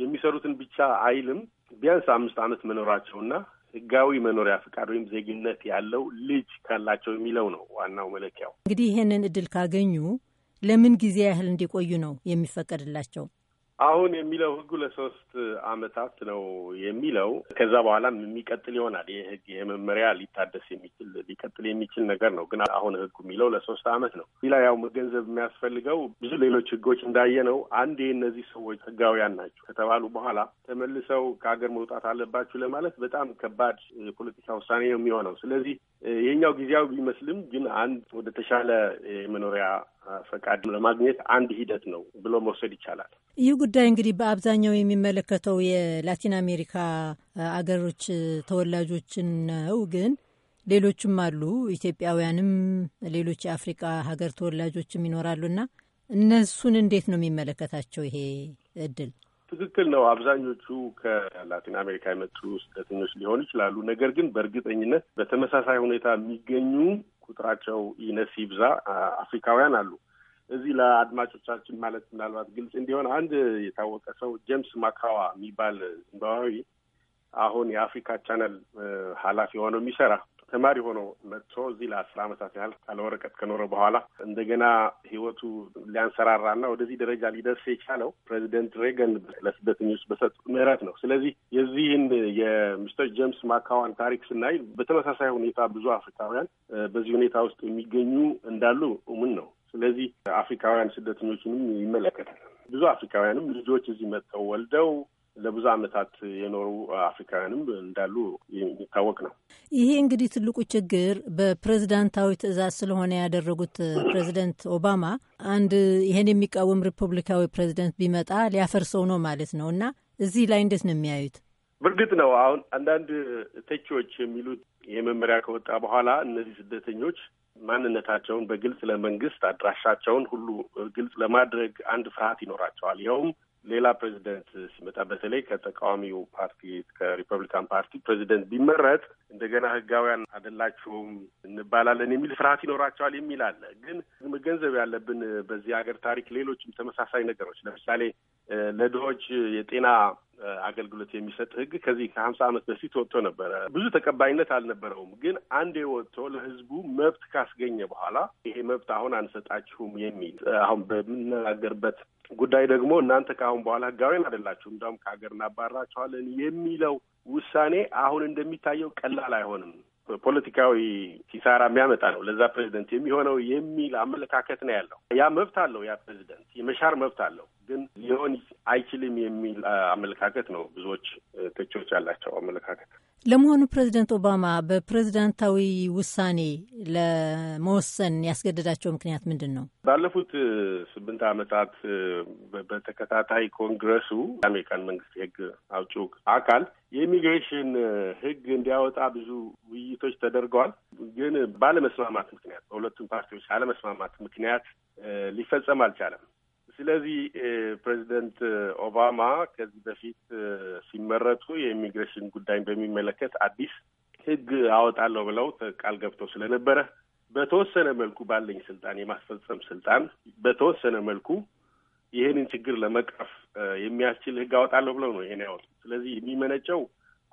የሚሰሩትን ብቻ አይልም። ቢያንስ አምስት ዓመት መኖራቸውና ህጋዊ መኖሪያ ፍቃድ ወይም ዜግነት ያለው ልጅ ካላቸው የሚለው ነው ዋናው መለኪያው። እንግዲህ ይህንን እድል ካገኙ ለምን ጊዜ ያህል እንዲቆዩ ነው የሚፈቀድላቸው? አሁን የሚለው ህጉ ለሶስት አመታት ነው የሚለው። ከዛ በኋላም የሚቀጥል ይሆናል። ይህ ህግ ይሄ መመሪያ ሊታደስ የሚችል ሊቀጥል የሚችል ነገር ነው። ግን አሁን ህጉ የሚለው ለሶስት አመት ነው። ሌላ ያው ገንዘብ የሚያስፈልገው ብዙ ሌሎች ህጎች እንዳየ ነው። አንዴ እነዚህ ሰዎች ህጋውያን ናቸው ከተባሉ በኋላ ተመልሰው ከሀገር መውጣት አለባችሁ ለማለት በጣም ከባድ የፖለቲካ ውሳኔ ነው የሚሆነው። ስለዚህ ይህኛው ጊዜያዊ ቢመስልም ግን አንድ ወደ ተሻለ የመኖሪያ ፈቃድ ለማግኘት አንድ ሂደት ነው ብሎ መውሰድ ይቻላል። ይህ ጉዳይ እንግዲህ በአብዛኛው የሚመለከተው የላቲን አሜሪካ አገሮች ተወላጆችን ነው። ግን ሌሎችም አሉ፣ ኢትዮጵያውያንም፣ ሌሎች የአፍሪቃ ሀገር ተወላጆችም ይኖራሉና እነሱን እንዴት ነው የሚመለከታቸው ይሄ እድል? ትክክል ነው። አብዛኞቹ ከላቲን አሜሪካ የመጡ ስደተኞች ሊሆኑ ይችላሉ። ነገር ግን በእርግጠኝነት በተመሳሳይ ሁኔታ የሚገኙ ቁጥራቸው ይነስ ይብዛ አፍሪካውያን አሉ። እዚህ ለአድማጮቻችን ማለት ምናልባት ግልጽ እንዲሆን አንድ የታወቀ ሰው ጄምስ ማካዋ የሚባል ዚምባብዌዊ አሁን የአፍሪካ ቻናል ኃላፊ ሆነው የሚሰራ ተማሪ ሆኖ መጥቶ እዚህ ለአስር አመታት ያህል ካለ ወረቀት ከኖረ በኋላ እንደገና ህይወቱ ሊያንሰራራና ወደዚህ ደረጃ ሊደርስ የቻለው ፕሬዚደንት ሬገን ለስደተኞች በሰጡ ምህረት ነው። ስለዚህ የዚህን የሚስተር ጄምስ ማካዋን ታሪክ ስናይ በተመሳሳይ ሁኔታ ብዙ አፍሪካውያን በዚህ ሁኔታ ውስጥ የሚገኙ እንዳሉ እሙን ነው። ስለዚህ አፍሪካውያን ስደተኞችንም ይመለከታል። ብዙ አፍሪካውያንም ልጆች እዚህ መጥተው ወልደው ለብዙ ዓመታት የኖሩ አፍሪካውያንም እንዳሉ የሚታወቅ ነው። ይሄ እንግዲህ ትልቁ ችግር በፕሬዝዳንታዊ ትዕዛዝ ስለሆነ ያደረጉት ፕሬዚደንት ኦባማ አንድ ይሄን የሚቃወም ሪፐብሊካዊ ፕሬዚደንት ቢመጣ ሊያፈርሰው ነው ማለት ነው እና እዚህ ላይ እንዴት ነው የሚያዩት? በእርግጥ ነው አሁን አንዳንድ ተቺዎች የሚሉት የመመሪያ ከወጣ በኋላ እነዚህ ስደተኞች ማንነታቸውን በግልጽ ለመንግስት አድራሻቸውን ሁሉ ግልጽ ለማድረግ አንድ ፍርሃት ይኖራቸዋል። ይኸውም ሌላ ፕሬዚደንት ሲመጣ በተለይ ከተቃዋሚው ፓርቲ ከሪፐብሊካን ፓርቲ ፕሬዚደንት ቢመረጥ እንደገና ህጋውያን አይደላችሁም እንባላለን የሚል ፍርሃት ይኖራቸዋል የሚል አለ። ግን መገንዘብ ያለብን በዚህ ሀገር ታሪክ ሌሎችም ተመሳሳይ ነገሮች ለምሳሌ ለድሆች የጤና አገልግሎት የሚሰጥ ህግ ከዚህ ከሀምሳ ዓመት በፊት ወጥቶ ነበረ። ብዙ ተቀባይነት አልነበረውም። ግን አንዴ ወጥቶ ለህዝቡ መብት ካስገኘ በኋላ ይሄ መብት አሁን አንሰጣችሁም የሚል አሁን በምንነጋገርበት ጉዳይ ደግሞ እናንተ ከአሁን በኋላ ህጋዊን አይደላችሁም፣ እንዳውም ከሀገር እናባራችኋለን የሚለው ውሳኔ አሁን እንደሚታየው ቀላል አይሆንም። ፖለቲካዊ ሲሳራ የሚያመጣ ነው ለዛ ፕሬዚደንት የሚሆነው የሚል አመለካከት ነው ያለው። ያ መብት አለው ያ ፕሬዚደንት የመሻር መብት አለው። ግን ሊሆን አይችልም የሚል አመለካከት ነው ብዙዎች ተቾች ያላቸው አመለካከት። ለመሆኑ ፕሬዚደንት ኦባማ በፕሬዚዳንታዊ ውሳኔ ለመወሰን ያስገደዳቸው ምክንያት ምንድን ነው? ባለፉት ስምንት ዓመታት በተከታታይ ኮንግረሱ የአሜሪካን መንግስት የህግ አውጪው አካል የኢሚግሬሽን ህግ እንዲያወጣ ብዙ ውይይቶች ተደርገዋል። ግን ባለመስማማት ምክንያት በሁለቱም ፓርቲዎች አለመስማማት ምክንያት ሊፈጸም አልቻለም። ስለዚህ ፕሬዚደንት ኦባማ ከዚህ በፊት ሲመረጡ የኢሚግሬሽን ጉዳይን በሚመለከት አዲስ ሕግ አወጣለሁ ብለው ቃል ገብተው ስለነበረ በተወሰነ መልኩ ባለኝ ስልጣን የማስፈጸም ስልጣን በተወሰነ መልኩ ይህንን ችግር ለመቅረፍ የሚያስችል ሕግ አወጣለሁ ብለው ነው ይሄን ያወጡ። ስለዚህ የሚመነጨው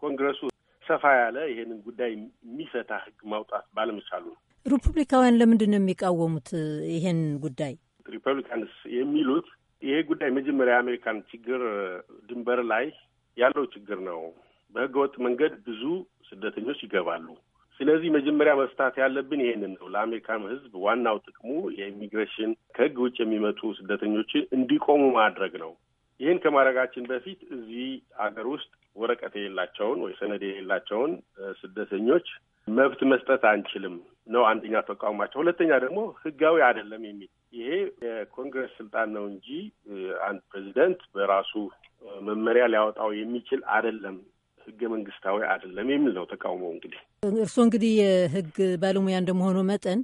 ኮንግረሱ ሰፋ ያለ ይህንን ጉዳይ የሚፈታ ሕግ ማውጣት ባለመቻሉ ነው። ሪፑብሊካውያን ለምንድን ነው የሚቃወሙት ይህን ጉዳይ? ሪፐብሊካንስ የሚሉት ይሄ ጉዳይ መጀመሪያ የአሜሪካን ችግር ድንበር ላይ ያለው ችግር ነው። በህገወጥ መንገድ ብዙ ስደተኞች ይገባሉ። ስለዚህ መጀመሪያ መፍታት ያለብን ይሄንን ነው። ለአሜሪካን ህዝብ ዋናው ጥቅሙ የኢሚግሬሽን ከህግ ውጭ የሚመጡ ስደተኞችን እንዲቆሙ ማድረግ ነው። ይህን ከማድረጋችን በፊት እዚህ አገር ውስጥ ወረቀት የሌላቸውን ወይ ሰነድ የሌላቸውን ስደተኞች መብት መስጠት አንችልም ነው አንደኛ ተቃውሟቸው። ሁለተኛ ደግሞ ህጋዊ አይደለም የሚል ይሄ የኮንግረስ ስልጣን ነው እንጂ አንድ ፕሬዚደንት በራሱ መመሪያ ሊያወጣው የሚችል አይደለም፣ ህገ መንግስታዊ አይደለም የሚል ነው ተቃውሞ። እንግዲህ እርስዎ እንግዲህ የህግ ባለሙያ እንደመሆኑ መጠን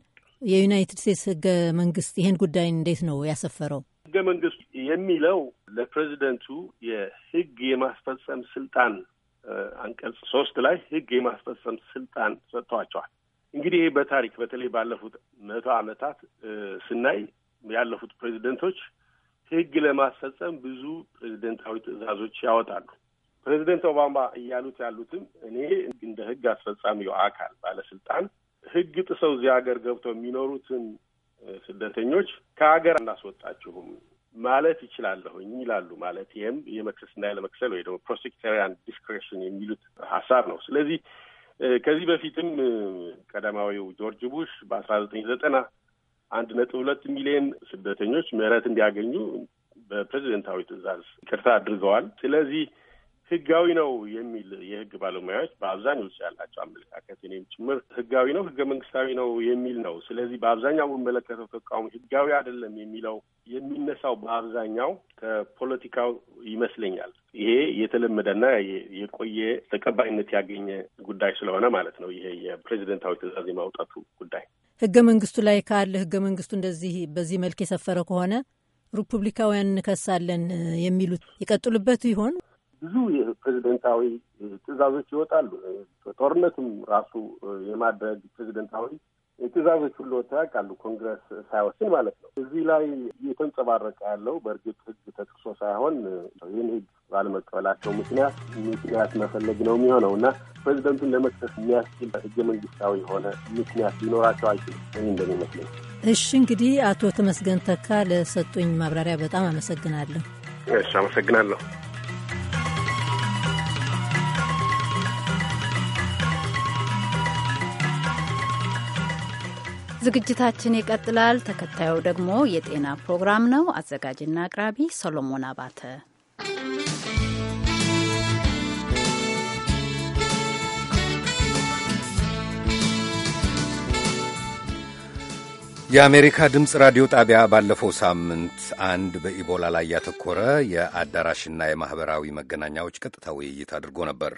የዩናይትድ ስቴትስ ህገ መንግስት ይህን ጉዳይ እንዴት ነው ያሰፈረው? ህገ መንግስት የሚለው ለፕሬዚደንቱ የህግ የማስፈጸም ስልጣን አንቀጽ ሶስት ላይ ህግ የማስፈጸም ስልጣን ሰጥተዋቸዋል። እንግዲህ ይህ በታሪክ በተለይ ባለፉት መቶ ዓመታት ስናይ ያለፉት ፕሬዚደንቶች ህግ ለማስፈጸም ብዙ ፕሬዚደንታዊ ትዕዛዞች ያወጣሉ። ፕሬዚደንት ኦባማ እያሉት ያሉትም እኔ እንደ ህግ አስፈጻሚው አካል ባለስልጣን ህግ ጥሰው እዚህ ሀገር ገብተው የሚኖሩትን ስደተኞች ከሀገር አናስወጣችሁም ማለት ይችላለሁኝ ይላሉ። ማለት ይህም የመክሰስና ያለመክሰል ወይ ደግሞ ፕሮሴክተሪያን ዲስክሬሽን የሚሉት ሀሳብ ነው። ስለዚህ ከዚህ በፊትም ቀዳማዊው ጆርጅ ቡሽ በአስራ ዘጠኝ ዘጠና አንድ ነጥብ ሁለት ሚሊዮን ስደተኞች ምህረት እንዲያገኙ በፕሬዚደንታዊ ትዕዛዝ ይቅርታ አድርገዋል። ስለዚህ ህጋዊ ነው የሚል የህግ ባለሙያዎች በአብዛኛው ውስጥ ያላቸው አመለካከት እኔም ጭምር ህጋዊ ነው፣ ህገ መንግስታዊ ነው የሚል ነው። ስለዚህ በአብዛኛው የምመለከተው ተቃውሞ ህጋዊ አይደለም የሚለው የሚነሳው በአብዛኛው ከፖለቲካው ይመስለኛል። ይሄ የተለመደና የቆየ ተቀባይነት ያገኘ ጉዳይ ስለሆነ ማለት ነው። ይሄ የፕሬዚደንታዊ ትእዛዝ የማውጣቱ ጉዳይ ህገ መንግስቱ ላይ ካለ ህገ መንግስቱ እንደዚህ በዚህ መልክ የሰፈረ ከሆነ ሪፑብሊካውያን እንከሳለን የሚሉት ይቀጥሉበት ይሆን? ብዙ የፕሬዚደንታዊ ትእዛዞች ይወጣሉ። ጦርነቱም ራሱ የማድረግ ፕሬዚደንታዊ ትእዛዞች ሁሉ ወጥተው ያውቃሉ፣ ኮንግረስ ሳይወስን ማለት ነው። እዚህ ላይ እየተንጸባረቀ ያለው በእርግጥ ህግ ተጥቅሶ ሳይሆን ይህን ህግ ባለመቀበላቸው ምክንያት ምክንያት መፈለግ ነው የሚሆነው እና ፕሬዚደንቱን ለመክሰስ የሚያስችል ህገ መንግስታዊ የሆነ ምክንያት ሊኖራቸው አይችልም። እኔ እንደሚመስለኝ። እሺ እንግዲህ አቶ ተመስገን ተካ ለሰጡኝ ማብራሪያ በጣም አመሰግናለሁ። እሺ አመሰግናለሁ። ዝግጅታችን ይቀጥላል። ተከታዩ ደግሞ የጤና ፕሮግራም ነው። አዘጋጅና አቅራቢ ሰሎሞን አባተ። የአሜሪካ ድምፅ ራዲዮ ጣቢያ ባለፈው ሳምንት አንድ በኢቦላ ላይ ያተኮረ የአዳራሽና የማኅበራዊ መገናኛዎች ቀጥታ ውይይት አድርጎ ነበር።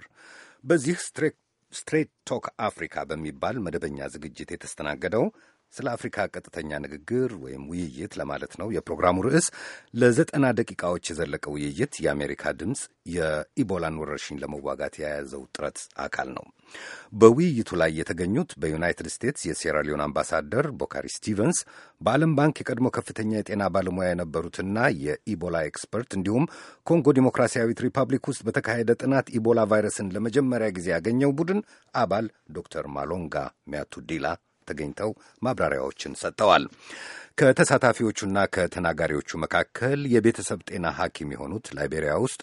በዚህ ስትሬት ቶክ አፍሪካ በሚባል መደበኛ ዝግጅት የተስተናገደው ስለ አፍሪካ ቀጥተኛ ንግግር ወይም ውይይት ለማለት ነው የፕሮግራሙ ርዕስ። ለዘጠና ደቂቃዎች የዘለቀ ውይይት የአሜሪካ ድምፅ የኢቦላን ወረርሽኝ ለመዋጋት የያዘው ጥረት አካል ነው። በውይይቱ ላይ የተገኙት በዩናይትድ ስቴትስ የሴራሊዮን አምባሳደር ቦካሪ ስቲቨንስ፣ በዓለም ባንክ የቀድሞ ከፍተኛ የጤና ባለሙያ የነበሩትና የኢቦላ ኤክስፐርት እንዲሁም ኮንጎ ዲሞክራሲያዊት ሪፐብሊክ ውስጥ በተካሄደ ጥናት ኢቦላ ቫይረስን ለመጀመሪያ ጊዜ ያገኘው ቡድን አባል ዶክተር ማሎንጋ ሚያቱዲላ ተገኝተው ማብራሪያዎችን ሰጥተዋል። ከተሳታፊዎቹና ከተናጋሪዎቹ መካከል የቤተሰብ ጤና ሐኪም የሆኑት ላይቤሪያ ውስጥ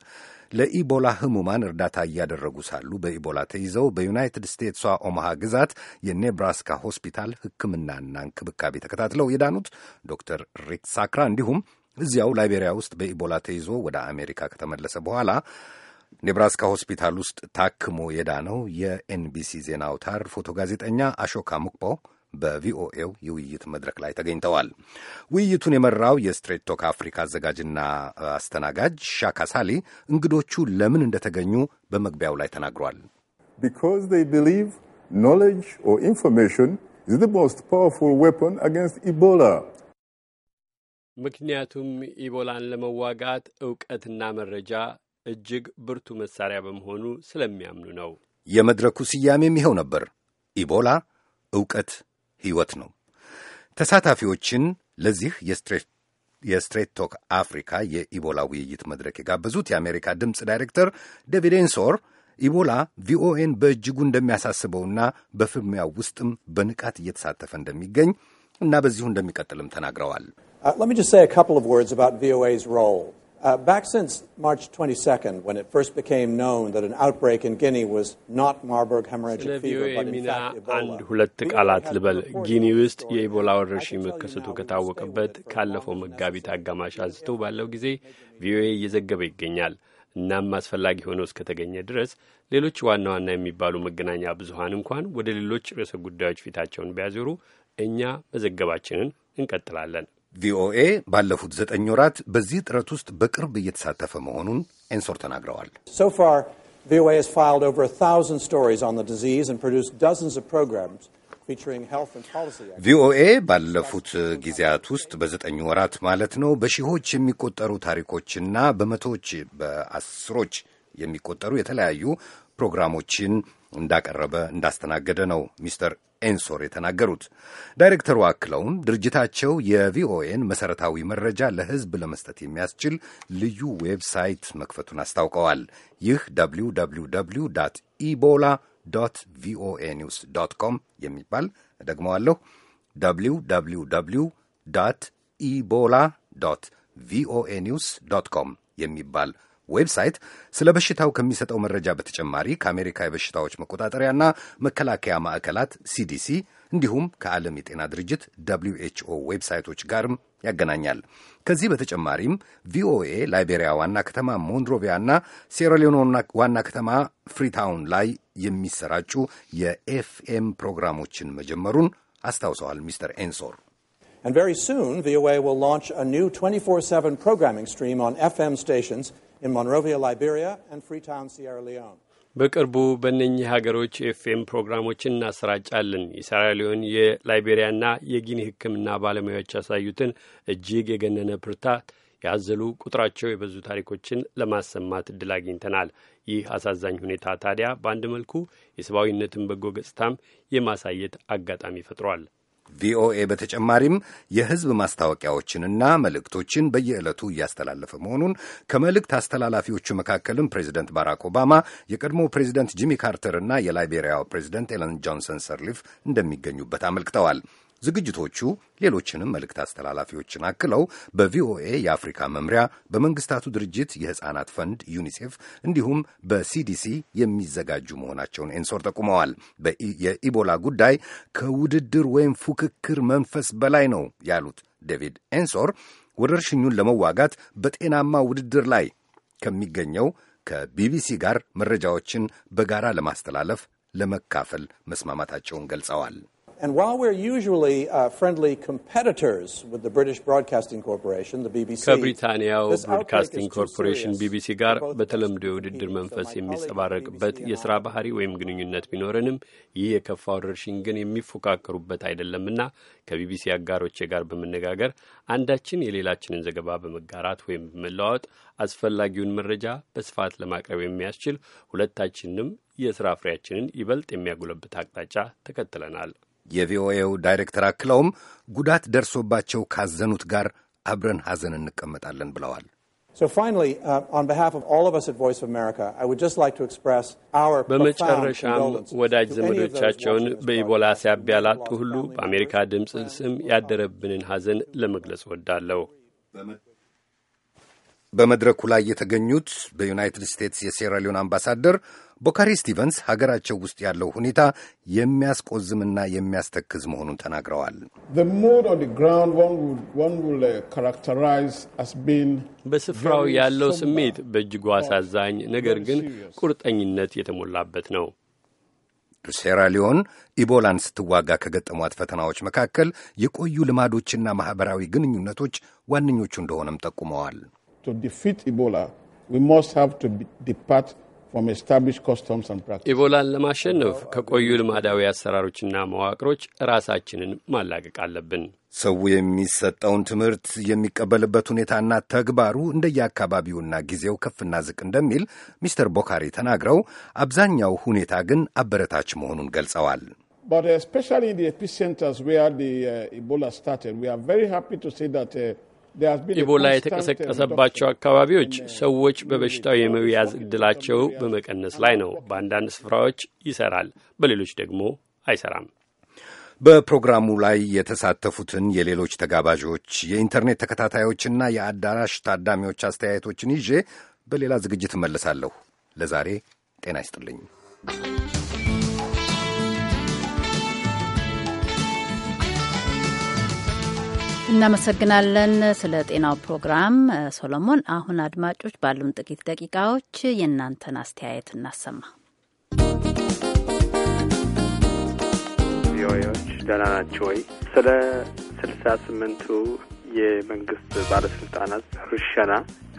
ለኢቦላ ህሙማን እርዳታ እያደረጉ ሳሉ በኢቦላ ተይዘው በዩናይትድ ስቴትሷ ኦማሃ ግዛት የኔብራስካ ሆስፒታል ሕክምናና እንክብካቤ ተከታትለው የዳኑት ዶክተር ሪክ ሳክራ እንዲሁም እዚያው ላይቤሪያ ውስጥ በኢቦላ ተይዞ ወደ አሜሪካ ከተመለሰ በኋላ ኔብራስካ ሆስፒታል ውስጥ ታክሞ የዳነው የኤንቢሲ ዜና አውታር ፎቶ ጋዜጠኛ አሾካ ሙክፖ በቪኦኤው የውይይት መድረክ ላይ ተገኝተዋል። ውይይቱን የመራው የስትሬት ቶክ አፍሪካ አዘጋጅና አስተናጋጅ ሻካ ሳሊ እንግዶቹ ለምን እንደተገኙ በመግቢያው ላይ ተናግሯል። ቢኮዝ ቢሊቭ ኖሌጅ ኦር ኢንፎርሜሽን ኢዝ ዘ ሞስት ፓወርፉል ዌፐን ኢቦላ ምክንያቱም ኢቦላን ለመዋጋት እውቀትና መረጃ እጅግ ብርቱ መሳሪያ በመሆኑ ስለሚያምኑ ነው። የመድረኩ ስያሜም ይኸው ነበር፣ ኢቦላ እውቀት ሕይወት ነው። ተሳታፊዎችን ለዚህ የስትሬት ቶክ አፍሪካ የኢቦላ ውይይት መድረክ የጋበዙት የአሜሪካ ድምፅ ዳይሬክተር ዴቪድ ኤንሶር ኢቦላ ቪኦኤን በእጅጉ እንደሚያሳስበውና በፍልሚያው ውስጥም በንቃት እየተሳተፈ እንደሚገኝ እና በዚሁ እንደሚቀጥልም ተናግረዋል። uh, Uh, back since March 22nd, when it first became known that an outbreak in Guinea was not Marburg hemorrhagic fever, but in fact Ebola, Ebola. ቃላት ልበል። እናም አስፈላጊ ሆኖ እስከተገኘ ድረስ ሌሎች ዋና ዋና የሚባሉ መገናኛ ብዙሀን እንኳን ወደ ሌሎች ርዕሰ ጉዳዮች ፊታቸውን ቢያዞሩ እኛ መዘገባችንን እንቀጥላለን። ቪኦኤ ባለፉት ዘጠኝ ወራት በዚህ ጥረት ውስጥ በቅርብ እየተሳተፈ መሆኑን ኤንሶር ተናግረዋል። ቪኦኤ ባለፉት ጊዜያት ውስጥ በዘጠኝ ወራት ማለት ነው በሺዎች የሚቆጠሩ ታሪኮችና በመቶዎች በአስሮች የሚቆጠሩ የተለያዩ ፕሮግራሞችን እንዳቀረበ እንዳስተናገደ ነው ሚስተር ኤንሶር የተናገሩት። ዳይሬክተሩ አክለውም ድርጅታቸው የቪኦኤን መሠረታዊ መረጃ ለሕዝብ ለመስጠት የሚያስችል ልዩ ዌብሳይት መክፈቱን አስታውቀዋል። ይህ ደብሊው ኢቦላ ዶት ቪኦኤ ኒውስ ዶት ኮም የሚባል እደግመዋለሁ፣ ደብሊው ኢቦላ ቪኦኤ ኒውስ ዶት ኮም የሚባል ዌብሳይት ስለ በሽታው ከሚሰጠው መረጃ በተጨማሪ ከአሜሪካ የበሽታዎች መቆጣጠሪያና መከላከያ ማዕከላት ሲዲሲ እንዲሁም ከዓለም የጤና ድርጅት ደብሊው ኤችኦ ዌብሳይቶች ጋርም ያገናኛል። ከዚህ በተጨማሪም ቪኦኤ ላይቤሪያ ዋና ከተማ ሞንሮቪያና ሴራሊዮን ዋና ከተማ ፍሪታውን ላይ የሚሰራጩ የኤፍኤም ፕሮግራሞችን መጀመሩን አስታውሰዋል ሚስተር ኤንሶር። And very soon, VOA will launch a new 24-7 programming stream on FM stations in Monrovia, Liberia, and Freetown, Sierra Leone. በቅርቡ በእነኚህ ሀገሮች ኤፍኤም ፕሮግራሞችን እናሰራጫለን። የሴራሊዮን የላይቤሪያና የጊኒ ሕክምና ባለሙያዎች ያሳዩትን እጅግ የገነነ ብርታት ያዘሉ ቁጥራቸው የበዙ ታሪኮችን ለማሰማት እድል አግኝተናል። ይህ አሳዛኝ ሁኔታ ታዲያ በአንድ መልኩ የሰብአዊነትን በጎ ገጽታም የማሳየት አጋጣሚ ፈጥሯል። ቪኦኤ በተጨማሪም የህዝብ ማስታወቂያዎችንና መልእክቶችን በየዕለቱ እያስተላለፈ መሆኑን ከመልእክት አስተላላፊዎቹ መካከልም ፕሬዚደንት ባራክ ኦባማ፣ የቀድሞ ፕሬዚደንት ጂሚ ካርተር እና የላይቤሪያው ፕሬዚደንት ኤለን ጆንሰን ሰርሊፍ እንደሚገኙበት አመልክተዋል። ዝግጅቶቹ ሌሎችንም መልእክት አስተላላፊዎችን አክለው በቪኦኤ የአፍሪካ መምሪያ፣ በመንግስታቱ ድርጅት የሕፃናት ፈንድ ዩኒሴፍ እንዲሁም በሲዲሲ የሚዘጋጁ መሆናቸውን ኤንሶር ጠቁመዋል። የኢቦላ ጉዳይ ከውድድር ወይም ፉክክር መንፈስ በላይ ነው ያሉት ዴቪድ ኤንሶር ወረርሽኙን ለመዋጋት በጤናማ ውድድር ላይ ከሚገኘው ከቢቢሲ ጋር መረጃዎችን በጋራ ለማስተላለፍ ለመካፈል መስማማታቸውን ገልጸዋል። And while we're usually uh, friendly competitors with the British Broadcasting Corporation, the BBC, ከብሪታንያው ብሮድካስቲንግ ኮርፖሬሽን ቢቢሲ ጋር በተለምዶ የውድድር መንፈስ የሚጸባረቅበት የስራ ባህሪ ወይም ግንኙነት ቢኖረንም ይህ የከፋ ወረርሽኝ ግን የሚፎካከሩበት አይደለምና ከቢቢሲ አጋሮቼ ጋር በመነጋገር አንዳችን የሌላችንን ዘገባ በመጋራት ወይም በመለዋወጥ አስፈላጊውን መረጃ በስፋት ለማቅረብ የሚያስችል ሁለታችንንም የስራ ፍሬያችንን ይበልጥ የሚያጎለብት አቅጣጫ ተከትለናል። የቪኦኤው ዳይሬክተር አክለውም ጉዳት ደርሶባቸው ካዘኑት ጋር አብረን ሐዘን እንቀመጣለን ብለዋል። uh, በመጨረሻም ወዳጅ ዘመዶቻቸውን በኢቦላ ሳቢያ ላጡ ሁሉ በአሜሪካ ድምፅ ስም ያደረብንን ሐዘን ለመግለጽ ወዳለሁ። በመድረኩ ላይ የተገኙት በዩናይትድ ስቴትስ የሴራሊዮን አምባሳደር ቦካሪ ስቲቨንስ ሀገራቸው ውስጥ ያለው ሁኔታ የሚያስቆዝምና የሚያስተክዝ መሆኑን ተናግረዋል። uh, በስፍራው ያለው ስሜት በእጅጉ አሳዛኝ፣ ነገር ግን ቁርጠኝነት የተሞላበት ነው። ሴራሊዮን ኢቦላን ስትዋጋ ከገጠሟት ፈተናዎች መካከል የቆዩ ልማዶችና ማኅበራዊ ግንኙነቶች ዋነኞቹ እንደሆነም ጠቁመዋል። to defeat Ebola, we must have to depart from established customs and practices. ኢቦላን ለማሸነፍ ከቆዩ ልማዳዊ አሰራሮችና መዋቅሮች ራሳችንን ማላቀቅ አለብን። ሰው የሚሰጠውን ትምህርት የሚቀበልበት ሁኔታና ተግባሩ እንደየአካባቢውና ጊዜው ከፍና ዝቅ እንደሚል ሚስተር ቦካሪ ተናግረው አብዛኛው ሁኔታ ግን አበረታች መሆኑን ገልጸዋል። But especially in the epicenters where the uh, Ebola started, we are very happy to say that uh, ኢቦላ የተቀሰቀሰባቸው አካባቢዎች ሰዎች በበሽታው የመያዝ እድላቸው በመቀነስ ላይ ነው። በአንዳንድ ስፍራዎች ይሰራል፣ በሌሎች ደግሞ አይሰራም። በፕሮግራሙ ላይ የተሳተፉትን የሌሎች ተጋባዦች የኢንተርኔት ተከታታዮችና የአዳራሽ ታዳሚዎች አስተያየቶችን ይዤ በሌላ ዝግጅት እመለሳለሁ። ለዛሬ ጤና ይስጥልኝ። እናመሰግናለን ስለ ጤናው ፕሮግራም ሶሎሞን። አሁን አድማጮች ባሉን ጥቂት ደቂቃዎች የእናንተን አስተያየት እናሰማ። ቪኦኤዎች ደህና ናቸው ወይ? ስለ ስልሳ ስምንቱ የመንግስት ባለስልጣናት ርሸና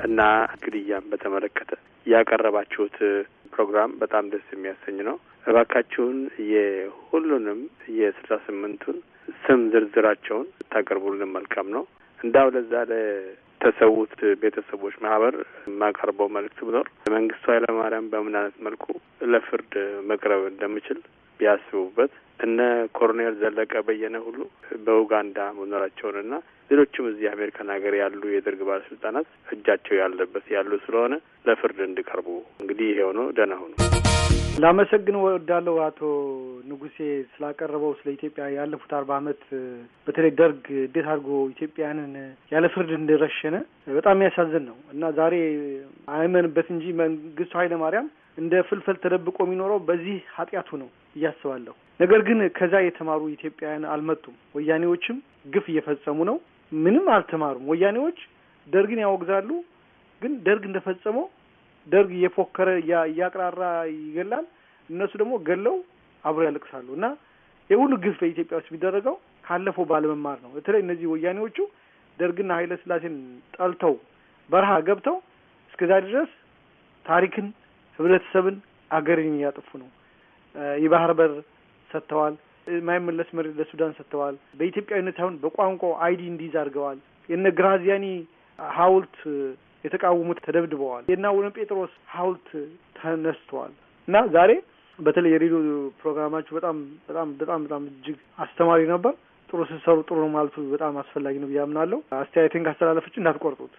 እና ግድያን በተመለከተ ያቀረባችሁት ፕሮግራም በጣም ደስ የሚያሰኝ ነው። እባካችሁን የሁሉንም የስልሳ ስምንቱን ስም ዝርዝራቸውን ታቀርቡልን መልካም ነው። እንዳው ለዛ ለተሰዉት ቤተሰቦች ማህበር የማቀርበው መልእክት ብኖር መንግስቱ ኃይለማርያም በምን አይነት መልኩ ለፍርድ መቅረብ እንደምችል ቢያስቡበት እነ ኮሎኔል ዘለቀ በየነ ሁሉ በኡጋንዳ መኖራቸውንና ሌሎችም እዚህ አሜሪካን ሀገር ያሉ የደርግ ባለስልጣናት እጃቸው ያለበት ያሉ ስለሆነ ለፍርድ እንዲቀርቡ እንግዲህ ይሄው ነው። ደህና ሁኑ። ላመሰግን ወዳለው አቶ ንጉሴ ስላቀረበው ስለ ኢትዮጵያ ያለፉት አርባ አመት በተለይ ደርግ እንዴት አድርጎ ኢትዮጵያንን ያለ ፍርድ እንደረሸነ በጣም የሚያሳዝን ነው እና ዛሬ አይመንበት እንጂ መንግስቱ ኃይለ ማርያም እንደ ፍልፈል ተደብቆ የሚኖረው በዚህ ኃጢአቱ ነው እያስባለሁ። ነገር ግን ከዛ የተማሩ ኢትዮጵያውያን አልመጡም። ወያኔዎችም ግፍ እየፈጸሙ ነው። ምንም አልተማሩም። ወያኔዎች ደርግን ያወግዛሉ፣ ግን ደርግ እንደፈጸመው ደርግ እየፎከረ እያቅራራ ይገላል። እነሱ ደግሞ ገለው አብረው ያለቅሳሉ። እና የሁሉ ግፍ በኢትዮጵያ ውስጥ የሚደረገው ካለፈው ባለመማር ነው። በተለይ እነዚህ ወያኔዎቹ ደርግና ኃይለ ስላሴን ጠልተው በረሃ ገብተው እስከዛ ድረስ ታሪክን፣ ህብረተሰብን፣ አገርን እያጠፉ ነው። የባህር በር ሰጥተዋል። የማይመለስ መሬት ለሱዳን ሰጥተዋል። በኢትዮጵያዊነት ሳይሆን በቋንቋው አይዲ እንዲይዝ አድርገዋል። የነ ግራዚያኒ ሀውልት። የተቃወሙት ተደብድበዋል። የአቡነ ጴጥሮስ ሀውልት ተነስተዋል እና ዛሬ በተለይ የሬዲዮ ፕሮግራማችሁ በጣም በጣም በጣም በጣም እጅግ አስተማሪ ነበር። ጥሩ ስትሰሩ ጥሩ ነው ማለቱ በጣም አስፈላጊ ነው ብዬ አምናለሁ። አስተያየቴን ካስተላለፈች እንዳትቆርጡት።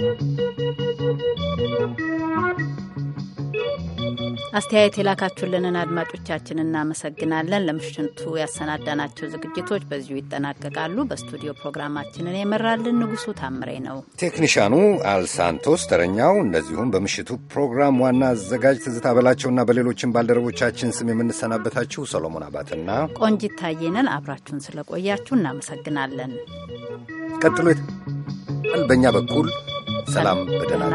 Thank you. አስተያየት የላካችሁልንን አድማጮቻችን እናመሰግናለን። ለምሽቱ ያሰናዳናቸው ዝግጅቶች በዚሁ ይጠናቀቃሉ። በስቱዲዮ ፕሮግራማችንን የመራልን ንጉሱ ታምሬ ነው። ቴክኒሻኑ አልሳንቶስ ተረኛው፣ እንደዚሁም በምሽቱ ፕሮግራም ዋና አዘጋጅ ትዝታ በላቸውና በሌሎችን ባልደረቦቻችን ስም የምንሰናበታችሁ ሰሎሞን አባትና ቆንጂት ታየነን አብራችሁን ስለቆያችሁ እናመሰግናለን። ቀጥሎ በእኛ በኩል ሰላም በደህና